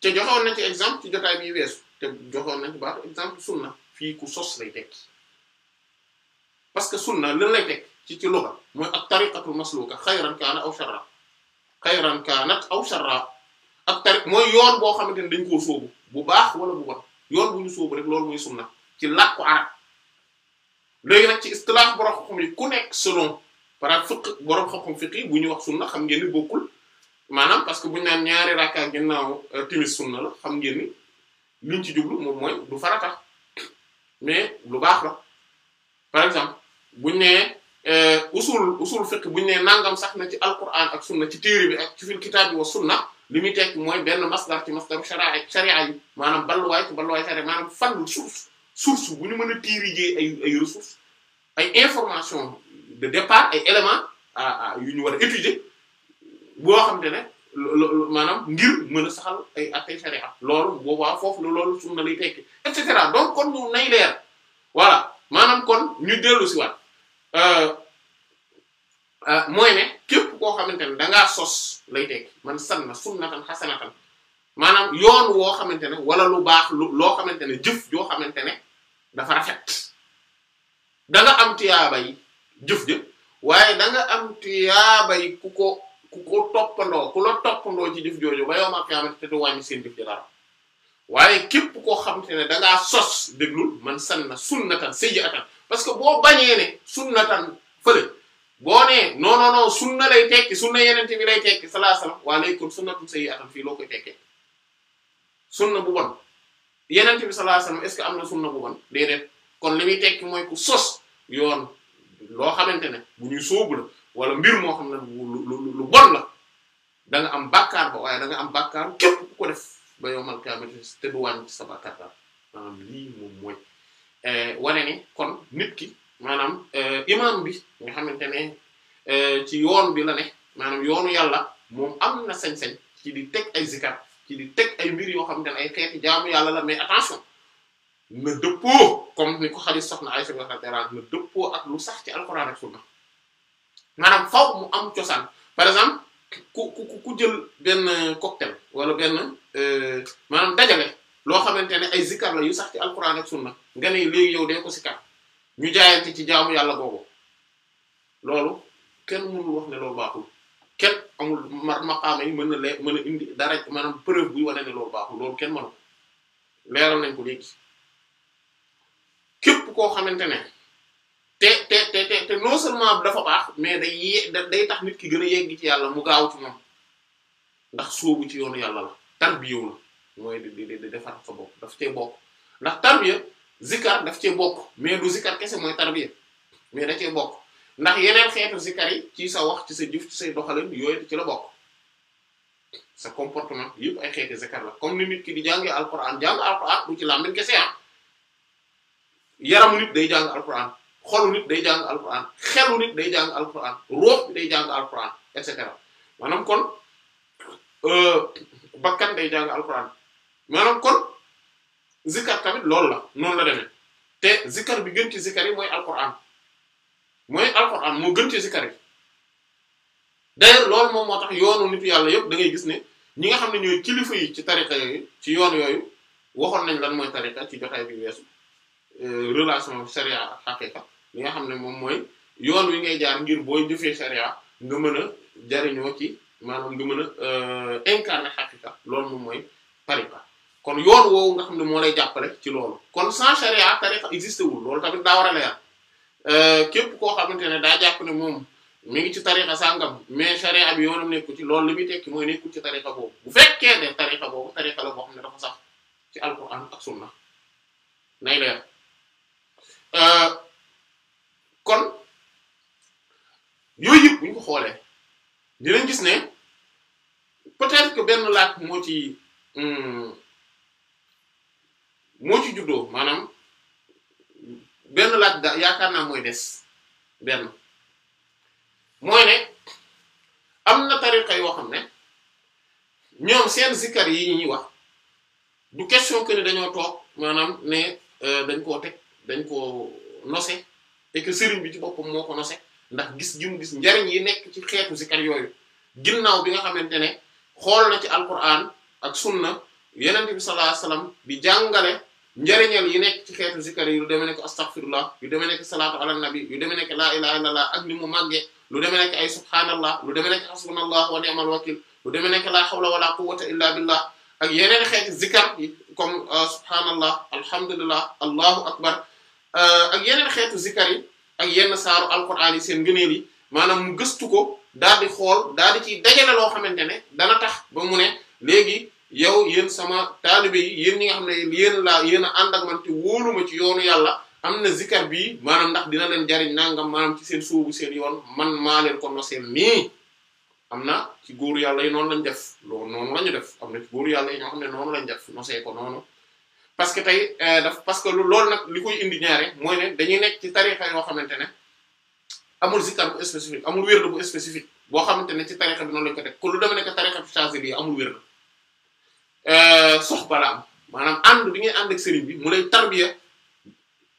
te joxoon nañ ci exemple ci jotaay bi weesu te joxoon nañ ci baatu exemple sunna fii ku sos lay tekki parce que sunna lan lay teg ci ci lugha mooy ak tariqatu masluka xayran kaana aw sharra xayran kaanat aw sharra ak tariq mooy yoon boo xamante ne dañ koo sóobu bu baax wala bu bon yoon bu ñu sóobu rek loolu mooy sunna ci làkku arab léegi nag ci istilah borom xam-xam yi ku bu ñu wax sunna xam ngeen ni bokkul maanaam parce que bu ñu naan ñaari rakka ginnaaw euh, timis sunna la xam ngeen liñ ci jublu moom mooy du farata mais lu baax la par exemple. buñ nee eh, usul usul fiqh buñ nee nangam sax na ci alquran ak sunna ci téere bi ak ci bi wa sunna li muy tekk mooy benn masdar ci masdaru sharia sharia maanaam balluwaay ci balluwaay sharia maanaam fan source source bu ñu mën a tiirijee ay ay ressources ay information de départ ay éléments yu ñu war a étudier boo xam te ne maanaam ngir mën a saxal ay attey sharia loolu boobaa foofu la loolu sunna lay tekki et cetera donc kon ñu nay leer voilà maanaam kon ñu dellu si waat Euh, euh, mooy ne képp koo xamante ne da ngaa sos lay tekki man sanna sunnatan hasanatan maanaam yoon woo xamante ne wala lu baax lu loo xamante ne jëf joo xamante ne dafa rafet da nga am tiyaabay jëf jëf waaye da am tiyaabay ku ko ku ko toppandoo ku la toppandoo ci jëf jooju ba yow maa fi xamante ne wàññi seen jëf ji dara waaye képp koo xamante ne da ngaa sos déglul man sanna sunnatan sayyi'atan parce que boo bañee ne sunnatan fële boo nee non non non sunna lay tekki sunna yeneen bi lay tekki sallallahu alayhi wasallam waa lay kon sunnatun sayyi'atan fii loo koy tekkee sunna bu bon yeneen bi sallallahu alayhi wasallam am na sunna bu bon déedéet kon li muy tekki mooy ku sos yoon loo xamante ne bu ñuy sóobu la wala mbir moo xam na lu lu bon la da am bàkkaar ba waaye da am bàkkaar képp ku ko def ba yomal te du wàññi sa bàkkaar daal maanaam lii moom mooy. Eh, wane kon nit ki maanaam eh, imaam bi nga xamante ne eh, ci yoon bi la maanaam yoonu yàlla moom am na sañ-sañ ci di teg ay zikar ci di teg ay mbir yoo xam ne ay xeeti jaamu yàlla la mais attention na dëppoo comme ni ko xalis soxna ay radiyallahu anha na dëppoo ak lu sax ci alxuraan ak sunna maanaam faw mu am cosaan par exemple ku ku ku jël benn cocktail wala benn maanaam dajale. loo xamante ne ay zikar la yu sax ci alquran ak na nga ne léegi yow de ko sikar ñu jaayante ci jaamu yàlla googu loolu kenn mënul wax ne loolu baaxul kenn amul maqaama yi mën na lee mën a indi dara maanaam preuve buy wane ne loolu baaxul loolu kenn mënu ko leeral nañ ko léegi képp koo xamante ne te te te te non seulement dafa baax mais day ye day tax nit ki gën a yegg ci yàlla mu gaaw ci ndax sóobu ci yoonu yàlla la tarbiyewu la mooy di di di defar sa bopp daf cee bokk ndax tarbiya zikar daf ce bokk mais du zikar kese mooy tarbiya mais da cee bokk ndax yeneen xeetu zikar yi ci sa wax ci sa jëf ci say doxalin yooyu ci la bokk sa comportement yëpp ay xeeti zikar la comme ni nit ki di jàngee alquran jàng alquran du ci làmmiñ kese ah yaramu nit day jàng alquran xolu nit day jàng alquran xelu nit day jàng alquran ruux bi day jàng alquran et cetera maanaam euh, day jàng alquran. maanaam kon zikar tamit loolu la noonu la demee te zikar bi gën ci zikar yi mooy alquran mooy alquran moo gën ci zikar yi d'ailleurs loolu moom moo tax yoonu nitu yàlla yëpp da ngay gis ne ñi nga xam ne ñooy kilifa yi ci tariqa yi ci yoon yooyu waxoon nañ lan mooy tariqa ci jotaay bi weesu euh, relation sharia ak haqiqa li nga xam ne moom mooy yoon wi ngay jaar ngir booy jëfee sharia nga mën a jariñoo ci maanaam nga mën a euh, incarner haqiqa loolu moom mooy tariqa kon yoon woowu nga xam ne moo lay jàppale ci loolu kon sans charia tariqa existé wul loolu tamit daa war a leer euh, képp koo xamante ne daa jàpp ne moom mu ngi ci tariqa sàngam mais charia bi yoonam nekku ci loolu li muy tekki mooy nekkul ci tariqa boobu bu fekkee ne tariqa boobu tariqa la boo xam ne dafa sax ci alquran ak sunna nay leer euh, kon yooyu bu ñu ko xoolee dinañ gis ne peut-être que benn laaj moo ci. Hmm, moo ci juddoo maanaam benn laaj da yaakaar naa mooy des benn mooy ne am na tariqa yoo xam ne ñoom seen zikkar yi ñuy wax du question que ne dañoo toog maanaam ne euh, dañ koo teg dañ koo nose et que sëriñ bi ci boppam moo ko nose ndax gis gi gis njariñ yi nekk ci xeetu zikkar yooyu ginnaaw bi nga xamante ne xool na ci alquran ak sunna yeneen bi sallallahu alayhi bi jàngale njëriñal yi nekk ci xeetu zikar yi lu demee nekk astaghfirullah yu demee nekk salaatu ala nabi yu demee nekk laa ilaha illallah ak li mu màggee lu demee nekk ay subhaanallah lu demee nekk hasbunallah wa ni'mal wakil lu demee la laa hawla wala quwwata illa billah ak yeneen xeeti zikar yi comme euh, subhaanallah alhamdulillah allahu akbar euh, ak yeneen xeetu zikar yi ak yenn saaru alquraan yi seen ngëneel yi maanaam mu gëstu ko daal di xool daal di ciy dajale loo xamante ne dana tax ba mu ne léegi yow yéen sama taalibe yi yéen ñi nga xam ne yéen laa yéen ànd ak man te wóoluma ci yoonu yàlla am na zikar bii maanaam ndax dina leen jariñ nangam maanaam ci seen soobu seen yoon man maa leen ko noseen nii am na ci góor yàlla yi noonu lañ def loolu noonu la ñu def am na ci yàlla ñoo xam ne noonu lañ def nosee ko noonu parce que tey euh, parce que lu lool nag li koy indi ñaare mooy ne dañuy nekk ci tarixa yoo xamante ne amul zikar bu spécifique amul wérd bu spécifique boo xamante ne ci tarixa bi noonu lañ ko def ku lu deme nekk tarixa bi Euh, soxba la am maanaam ànd bi ngay ànd ak sëriñ bi mu lay tarbiya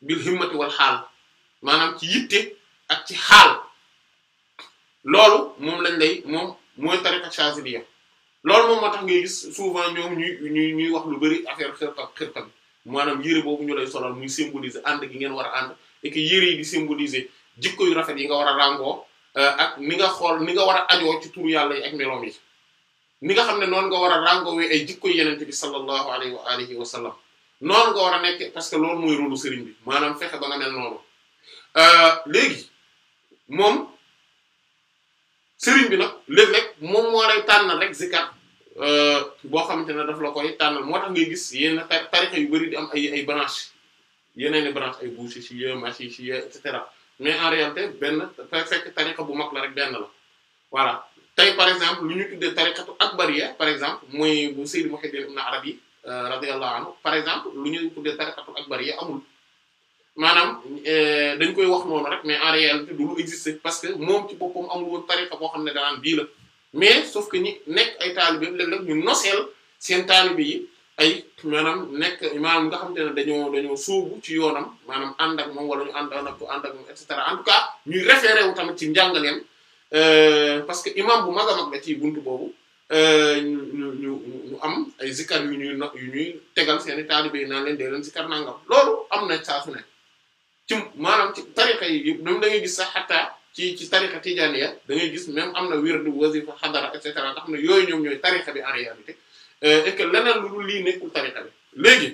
bil himmati wal xaal maanaam ci yitte ak ci xaal loolu moom lañ lay moom mooy tariqa chaziliya loolu moom moo tax ngay gis souvent ñoom ñuy ñuy wax lu bari affaire xirtal xirtal maanaam yére boobu ñu lay solal muy symboliser ànd gi ngeen war a ànd et yére yi di symboliser jikko yu rafet yi nga war a ràngoo euh, ak ni nga xool ni nga war a ajoo ci turu yàlla yi ak meloom yi ni nga xam ne noonu nga war a ràngoowee ay jikko yeneen bi sallallahu alayhi wa alihi wa sallam noonu nga war a nekkee parce que loolu mooy rôlu sëriñ bi maanaam fexe ba nga mel noonu euh, léegi moom sëriñ bi nag léeg-léeg moom moo lay tànnal rek zikar euh, boo xamante ne daf la koy tànnal moo tax ngay gis yenn tarixa yu bari di am ay ay branche yeneen i branche ay bouchachia machichia et cetera mais en benn benn fekk tarixa bu mag la rek benn la voilà tey par exemple lu ñu tuddee tariqatu akbariya par exemple mooy bu Seydi Muhammad ibn Arabi euh, radiyallahu anhu par exemple lu ñu tuddee tariqatu akbariya amul maanaam euh, dañ koy wax noonu rek mais en réalité du lu parce que moom ci boppam amul woon tariqa boo xam ne danaan bii la mais sauf que ñi nekk ay taalibe léeg ñu noseel seen taalibe ay maanaam nekk maanaam nga dañoo dañoo sóobu ci yoonam maanaam ànd ak moom wala ñu ànd ak ànd ak moom et cetera en tout cas ñuy référé tamit ci njàngaleem Euh, parce que imam bu mag a mag la ci buntu boobu euh, ñu ñu ñu am ay zikar yu ñuy no yu ñuy tegal seeni taalibe yi naan leen dee leen zikar nangam loolu am na saa su ne ci maanaam ci tariqa yi même da gis sax xataa ci ci tariqa tijaaniya da ngay gis même am na wirdu wazifa xadara et cetera nga xam ne yooyu ñoom ñooy tariqa bi en réalité euh, et que leneen lu dul lii nekkul tariqa bi léegi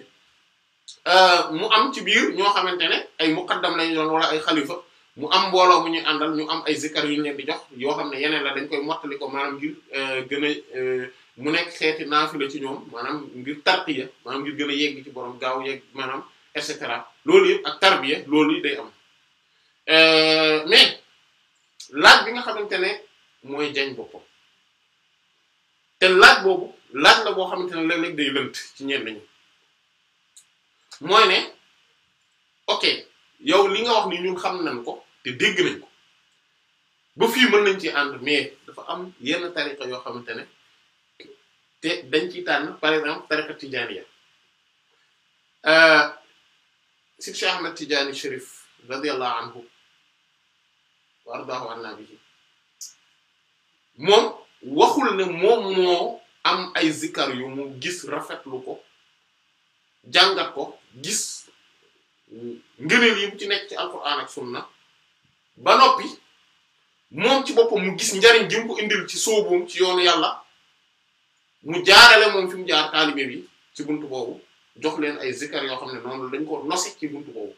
mu am ci biir ñoo xamante ne ay muqaddam lañu doon wala ay xalifa mu am mbooloo mu ñuy àndal ñu am ay zikar yu ñu leen jox yoo xam ne yeneen la dañ koy mottali ko maanaam ngir euh, gën euh, mu nekk xeeti naafila ci ñoom maanaam ngir tarbiya maanaam ngir gën a yegg ci borom gaaw yegg maanaam et cetera loolu yëpp ak tarbiya loolu yi day am euh, mais laaj bi nga xamante ne mooy jañ boppam te laaj boobu laaj la boo xamante ne léeg-léeg day lënt ci ñenn ñi mooy ne ok. yow li nga wax ni ñun xam nañ ko te dégg nañ ko ba fii mën nañ ci ànd mais dafa am yenn tariqa yoo xamante ne te dañ ci tànn par exemple tariqa tijaaniya euh, si Cheikh Ahmed Tidiane Chérif radiyallahu anhu wa ardaahu anna bihi moom waxul ne moom moo am ay zikar yu mu gis rafetlu ko jàngat ko gis ngëneel yi bu ci nekk ci alquran ak sunna ba noppi moom ci boppam mu gis njariñ ji mu indil ci sooboom ci yoonu yàlla mu jaarale moom fi mu jaar taalibe bi ci buntu boobu jox leen ay zikar yoo xam ne noonu dañ ko nosi ci buntu boobu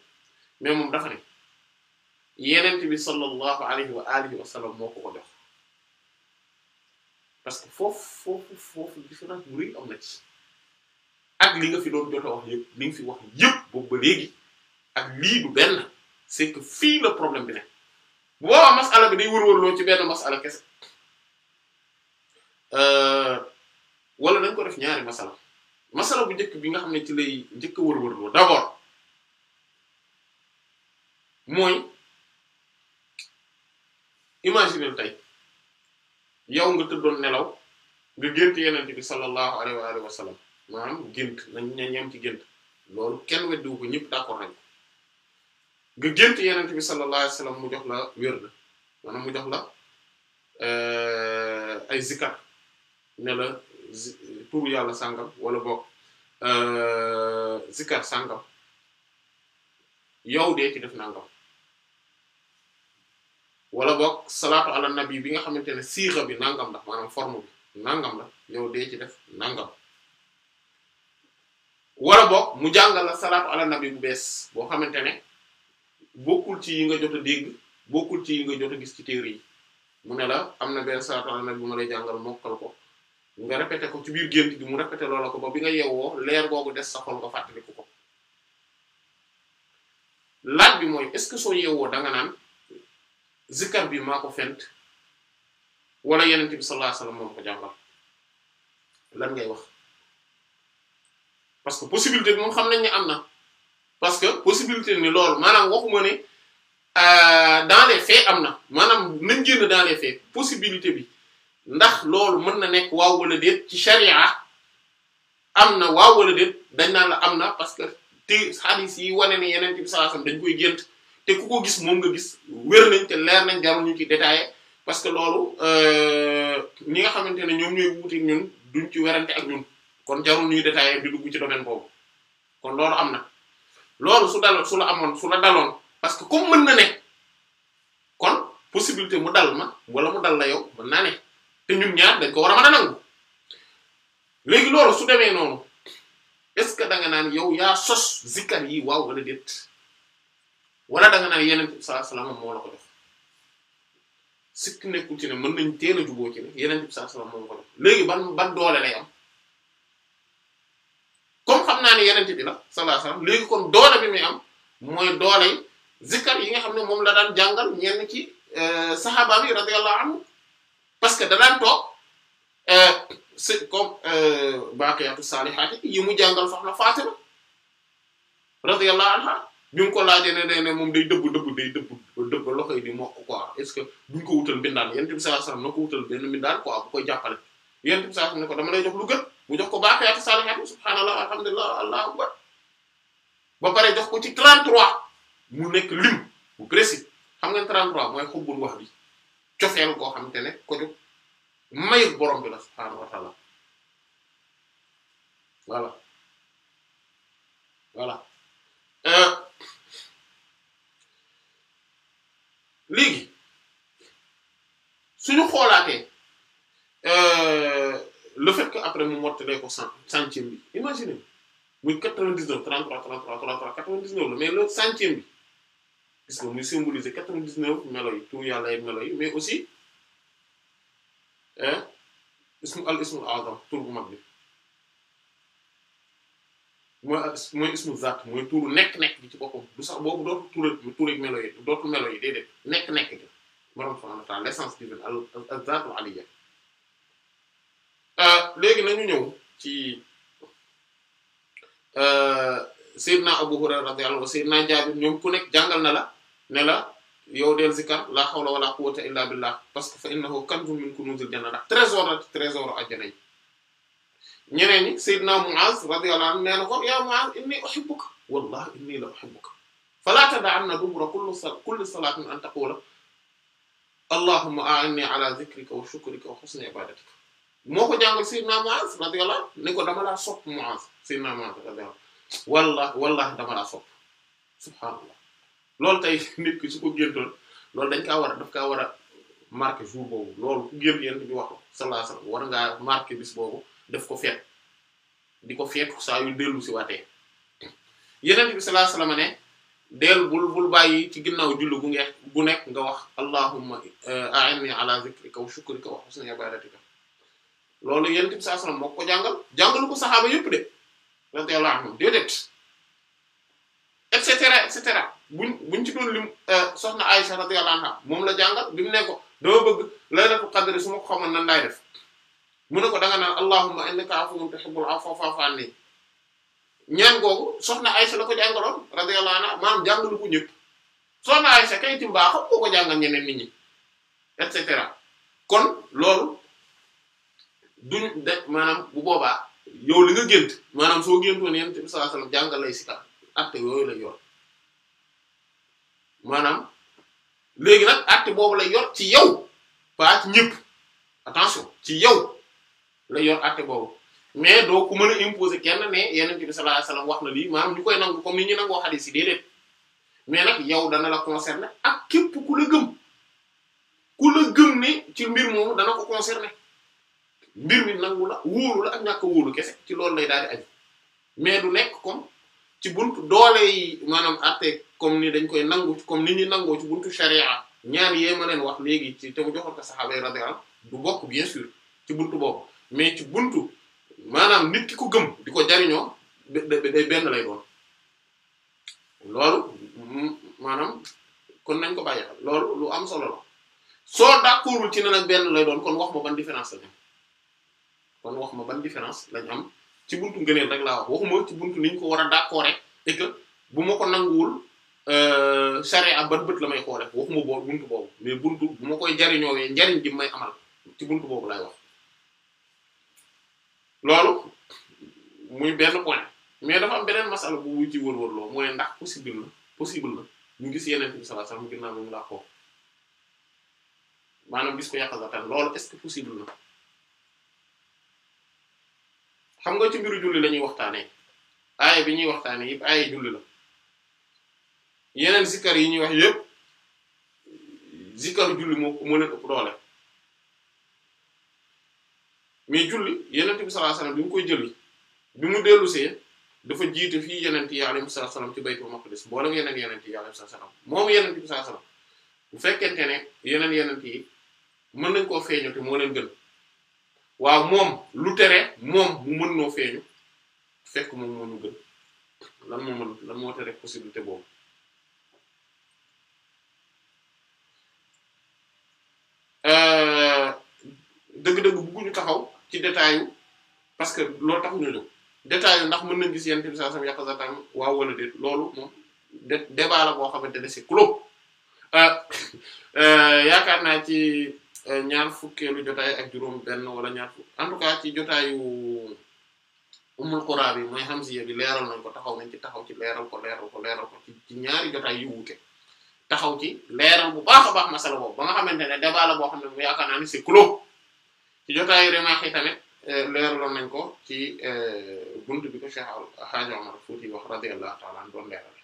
mais moom dafa ne yenent bi sallallahu alayhi wa alihi moo ko ko jox parce que foofu foofu foofu différence bu rëy am na ci ak li nga fi doon jot a wax yëpp li nga fi wax yëpp boobu ba léegi ak lii du benn c'est que fii la problème bi ne bu boobaa masala bi day wërwërloo ci benn masala kese euh, wala dañ ko def ñaari masala masala bu njëkk bi nga xam ne ci lay njëkk wërwërloo d'abord mooy imaginer tey yow nga tëddoon nelaw nga gént yeneen bi sallallahu alayhi wa sallam maanaam gént nañ ñam ci gént loolu kenn weddiwu ko ñëpp d'accord nañ nga gént yenent bi sallallahu alayhi wasallam mu jox la wérd maanaam mu jox la euh, ay zikar ne la turu yàlla sàngam wala boog euh, zikar sàngam yow dee def nangam wala boog salaatu ala bi nga xamante ne siixa bi nangam la maanaam forme bi nangam la yow dee ci def nangam wala boog mu jàngal la salaatu ala bees boo xamante ne bokkul ci yi nga jot a dégg bokkul ci yi nga jot a gis ci téere yi mu ne la am na benn saatan nag bu ma jàngal mokkal ko nga ko ci biir gént gi mu répété ko ba bi nga yeewoo leer googu des sa xol ko laaj bi mooy est-ce que soo yeewoo danga naan zikar bi maa ko fent wala yeneen bi sallallahu alayhi wasallam moom ko jàngal lan ngay wax parce que possibilité moom xam nañ ne am na parce que possibilité ni loolu maanaam waxuma ne euh, dans les faits am na maanaam nañ génn dans les possibilité bi ndax loolu mën na nekk waaw wala déet ci charia am na waaw wala déet dañ naan la am na parce que ti hadith yi wane ne yeneen bi sallallahu dañ koy gént te ku ko gis moom nga gis wér nañ te leer nañ jarul ñu ci détaillé parce que loolu euh, ñi nga xamante ne ñoom ñooy wuute ñun duñ ci werante ak ñun kon jarul ñuy détaillé di dugg ci domaine boobu kon loolu am na loolu su dal su la amoon su la daloon parce que comme mën na ne kon possibilité mu dal ma wala mu dal la yow mën naa ne te ñun ñaar dañ ko war léegi loolu su demee noonu est-ce que da naan yow yaa sos zikkar yi waaw wala déet wala da nga naan yeneen saa salaam moo la ko def sikk nekkul ci ne mën nañ teel a juboo ci ne yeneen saa salaam moo la ko def léegi ban ban doole lay am. comme xam naa ne yenente bi la sallallahu alayhi wasallam léegi kon doole bi muy am mooy doole yi zikkar yi nga xam ne moom la daan jàngal ñenn ci euh, saxaaba bi radiyallahu anhu parce que ko daan toog c'est euh, comme euh, baqiyatu saalihaati yi mu jàngal soxna Fatima radiyallahu anha bi mu ko laajee ne ne moom day dëbb dëbb day dëbb dëbb loxo yi di mokk quoi est-ce que duñ ko wutal mbindaan yonent bi sallallahu alayhi wasallam na ko wutal bu koy jàppale yonent bi sax ne ko dama lay jox lu gën mu jox ko baaqiyaatu saalihaat subhaanallah alhamdulillah allahu akbar ba pare jox ko ci 33 mu nekk lim bu précis xam nga 33 mooy xubbul wax bi cofeel koo xamante ne ko jóg mayu borom bi la subhaanahu wa taala voilà voilà euh, léegi suñu xoolaatee Euh, le fait que après mu mottalee ko cent centième bi imaginez muy quatre-vingt-dix-neuf trente-trois trente-trois trente-trois quatre-vingt-dix-neuf la mais le centième bi gis nga muy symboliser quatre-vingt-dix-neuf melo yi tout yàlla ay melo yi mais aussi ismu al ismu azam tur bu mag bi mooy mooy ismu zaat mooy turu nekk-nekk bi ci boppam du sax boobu dootul turu turu melo yi dootul melo yi déedéet nekk-nekk bi borom subhanahu wa ta'ala l'essence divine al zaatu aliyya léegi nañu ñëw ci euh, Seydina Abu Hurayra radiyallahu anhu Seydina ñoom ku nekk jàngal na la ne la yow del zikar la hawla wala quwwata illa billah parce que fa innahu kanzun min kunuzil janna ndax trésor la trésor àjjana yi ñeneen ñi Seydina Muaz radiyallahu anhu nee na ko ya Muaz inni uhibbuka wallahi inni la uhibbuka fala tada'anna dubura kulli salatin an taqula allahumma a'inni ala zikrika wa shukrika wa husni ibadatika moo ko jàngal Seydina Muaz radiyallahu ne ko dama laa sopp Muaz Seydina Muaz radiyallahu walla walla dama laa sopp subhaanallah loolu tey nit ki su ko géntoon loolu dañ ka war a daf kaa war a marqué jour boobu loolu ku bis boobu def ko feet di ko feetu saa yu dellu si waatee yeneen bi sallallahu alayhi wasallam ne deel bul bul bàyyi ci ginnaaw julli gu ngeex gu nekk nga wax allahumma eh, a'inni ala zikrika wa shukrika wa husni ibadatika loolu yonent bi sallallahu alayhi moo ko jàngal jàngalu ko saxaaba yëpp de radiyallahu anhum et cetera cetera buñ buñ ci doon lim euh, soxna Aisha radiyallahu moom la jàngal bi mu ne ko dama bëgg laylatul qadr su ma ko xamoon nan ne ko danga naan allahumma innaka afuwwun tuhibbul afwa fa'fu anni ñaan googu soxna Aisha la ko jàngaloon radiyallahu anha maanaam jàngalu ko ñëpp soxna Aisha kay ci mbaaxam ko jàngal ñeneen nit ñi et cetera kon loolu. duñ de maanaam bu boobaa yow li nga gént maanaam soo géntoon yonent bi sallallahu alayhi wasallam jàngal lay sikar acte yooyu lay yor maanaam léegi nag acte boobu lay yor ci yow pas ci ñëpp attention ci yow lay yor acte boobu mais doo ko mën a imposer kenn ne yonent bi sallallahu alayhi wasallam wax na lii maanaam ñu koy nangu comme ni ñu nangoo hadith yi déedéet mais nag yow dana la concerner ak képp ku la gëm ku la gëm ne ci mbir moomu dana ko concerner. mbir mi nangu la wóolu la ak ñàkk wóolu kese ci loolu lay daal di aju mais du nekk comme ci bunt doole yi maanaam àtte comme ni dañ koy nangu comme ni ñuy nangoo ci buntu sharia ñaan yee ma leen wax léegi ci te mu joxoon ko saxaaba radiyallahu du bokk bien ci buntu boobu mais ci buntu maanaam nit ki ko gëm di ko jariñoo day benn lay doon loolu maanaam kon nañ ko bàyyi xel loolu lu am solo la soo d'accordul ci ne nag benn lay doon kon wax ma ban différence la kon wax ma ban différence lañ am ci buntu ngëneel rek laa wax waxuma ci buntu niñ ko war a d'accord rek et bu ma ko nanguwul euh, charia ban bët la may xoole waxuma boobu buntu boobu mais buntu bu ma koy jariñoowee njariñ bi may amal ci buntu boobu lay wax loolu muy benn point mais dafa am beneen masala bu wu ci wërwërloo mooy ndax possible na possible na ñu gis yeneen bi sallallahu alayhi wasallam ginnaaw bi mu laa ko maanaam gis ko yàq sa tan loolu est-ce que possible na xam nga ci mbiru julli lañuy ñuy waxtaanee aaya bi ñuy waxtaanee yëpp aaya julli la yeneen zikkar yi ñuy wax yëpp zikkaru julli moo moo leen ëpp doole mais julli yenent bi sallallahu alayhi wasallam bi mu koy jëli bi mu dellu see dafa jiite fii yenent yi alayhi wasallam ci baytul maqdis boolem yeneen yenent yi alayhi wasallam moom yenent bi sallallahu alayhi bu fekkente ne yeneen yenent yi mën nañ koo feeñu te moo leen gën waaw moom lu tere moom mu mën noo feeñu fekk moom moo ñu gën lan moo mën lan moo tere possibilité boobu euh, dëgg-dëgg bugguñu taxaw ci détail yu parce que loolu taxuñu ñëw détail yu ndax mën na gis yenn saa sam yàq zataan waaw wala déet loolu moom débat la boo xamante ne c'est clos euh, [LAUGHS] euh, yaakaar naa ci Euh, ñaar fukkeelu jotaay ak juróom benn wala ñaar fukk en tout cas ci jotaayu umul qura bi mooy hamziya bi leeral nañ ko taxaw nañ ci taxaw ci leeral ko leeral ko ko ci ñaari jotaay taxaw ci leeral bu baax a baax masala boobu ba nga xamante ne débat la boo xam ne mu yaakaar naa ni c'est clos ci jotaayu remaax yi tamit euh, leeraloon nañ ko ci euh, buntu bi ko Cheikh Hadj Omar Fouti wax radiyallahu ta'ala anhu leeral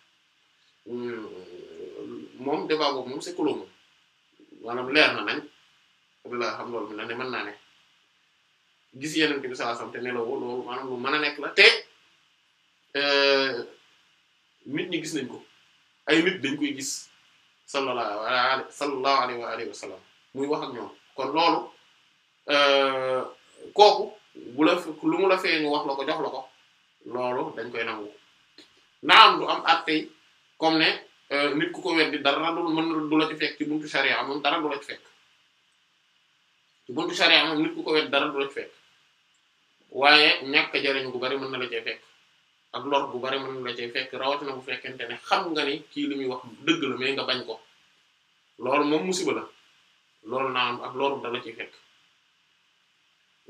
hmm, moom débat boobu moom c'est clos moom leer na nañ bilaa xam loolu bi la ne mën naa ne gis yeneen bi sa alayhi wasallam ne loolu maanaam mën a nekk la te euh, nit ñi gis nañ ko ay nit dañ koy gis sallallahu alayhi sallallahu alayhi wa alihi wa sallam muy wax ak ñoom kon loolu euh, kooku bu la lu mu la feeñu wax la ko jox la ko loolu dañ koy nangu naam lu am at tey comme ne euh, nit ku ko weddi dara du mën du la ci fekk ci buntu sharia moom dara du la ci fekk buntu sharia moom nit ku ko wet dara du la fekk waaye ñàkk jariñ bu bari mën na la cee fekk ak lor bu bari mën na la cee fekk rawatina bu fekkente ne xam nga ni kii li muy wax dëgg la mais nga bañ ko loolu moom musiba la loolu naa am ak da la ci fekk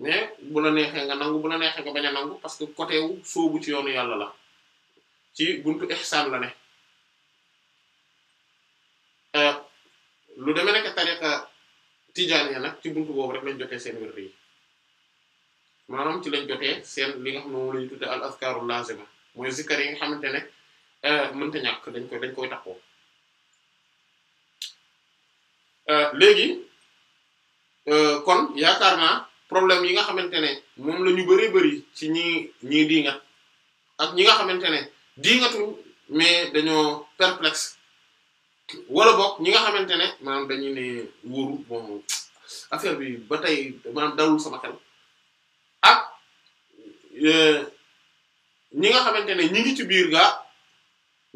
mais bu la neexee nga nangu bu la neexee nga bañ a nangu parce que côté wu soobu ci yoonu yàlla la ci buntu ihsan la ne euh, lu demee nekk tariqa Tidjane nag ci buntu boobu rek lañ jotee seen wird yi maanaam ci lañ jotee seen li nga xam ne moom la ñu tuddee al azkarul lazima mooy nga xamante ne euh, mënta ñàkk dañ koy dañ koy taxoo euh, léegi euh, kon yaakaar naa problème yi nga xamante ne moom la ñu bari bari ci ñi ñii diingat ak ñi nga xamante ne diingatu mais dañoo perplexe. wala book ñi nga xamante ne maanaam dañuy ne wóoru bon affaire bi ba tey maanaam dalul sama xel ak euh, ñi nga xamante ne ñi ngi ci biir gaa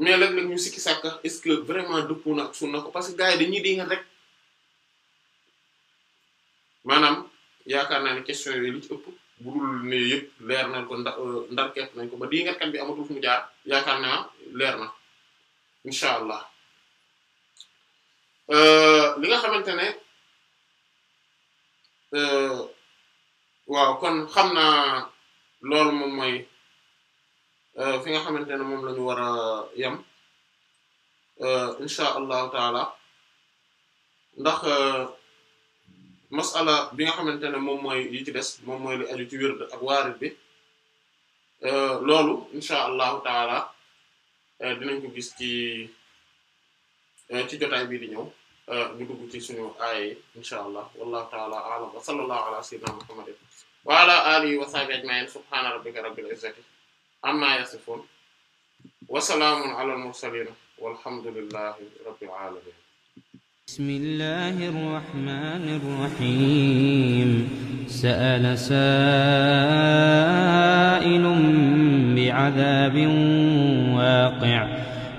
mais léeg-léeg ñu sikki sàkka est-ce que vraiment dëppu na ak na ko parce que gars yi dañuy dinga rek maanaam yaakaar naa ne question yooyu li ci ëpp budul ne yëpp leer nañ ko ndax euh, ndarkeet nañ ko ba dinga kat bi amatul fu mu jaar yaakaar naa leer na incha allah Euh, li nga xamante ne euh, waaw kon xam naa loolu moom mooy euh, fi nga xamante ne moom lañu ñu war a yem insha allahu taala ndax masala bi nga xamante ne moom mooy yi ci des moom mooy li aju ci wird ak waarit bi loolu insha allahu taala dinañ ko gis ci ci jotaay bii di ñëw Euh, ñu dugg ci suñu aaye yi incha allah wallahu taala alam wa sallallahu ala sayyidina muhammadin wa ala alihi wa sahbihi ajma'in subhana rabbika rabbil izzati amma yasifun wa salaamun ala al mursalin walhamdulillahi rabbil alamin بسم الله الرحمن الرحيم سأل سائل بعذاب واقع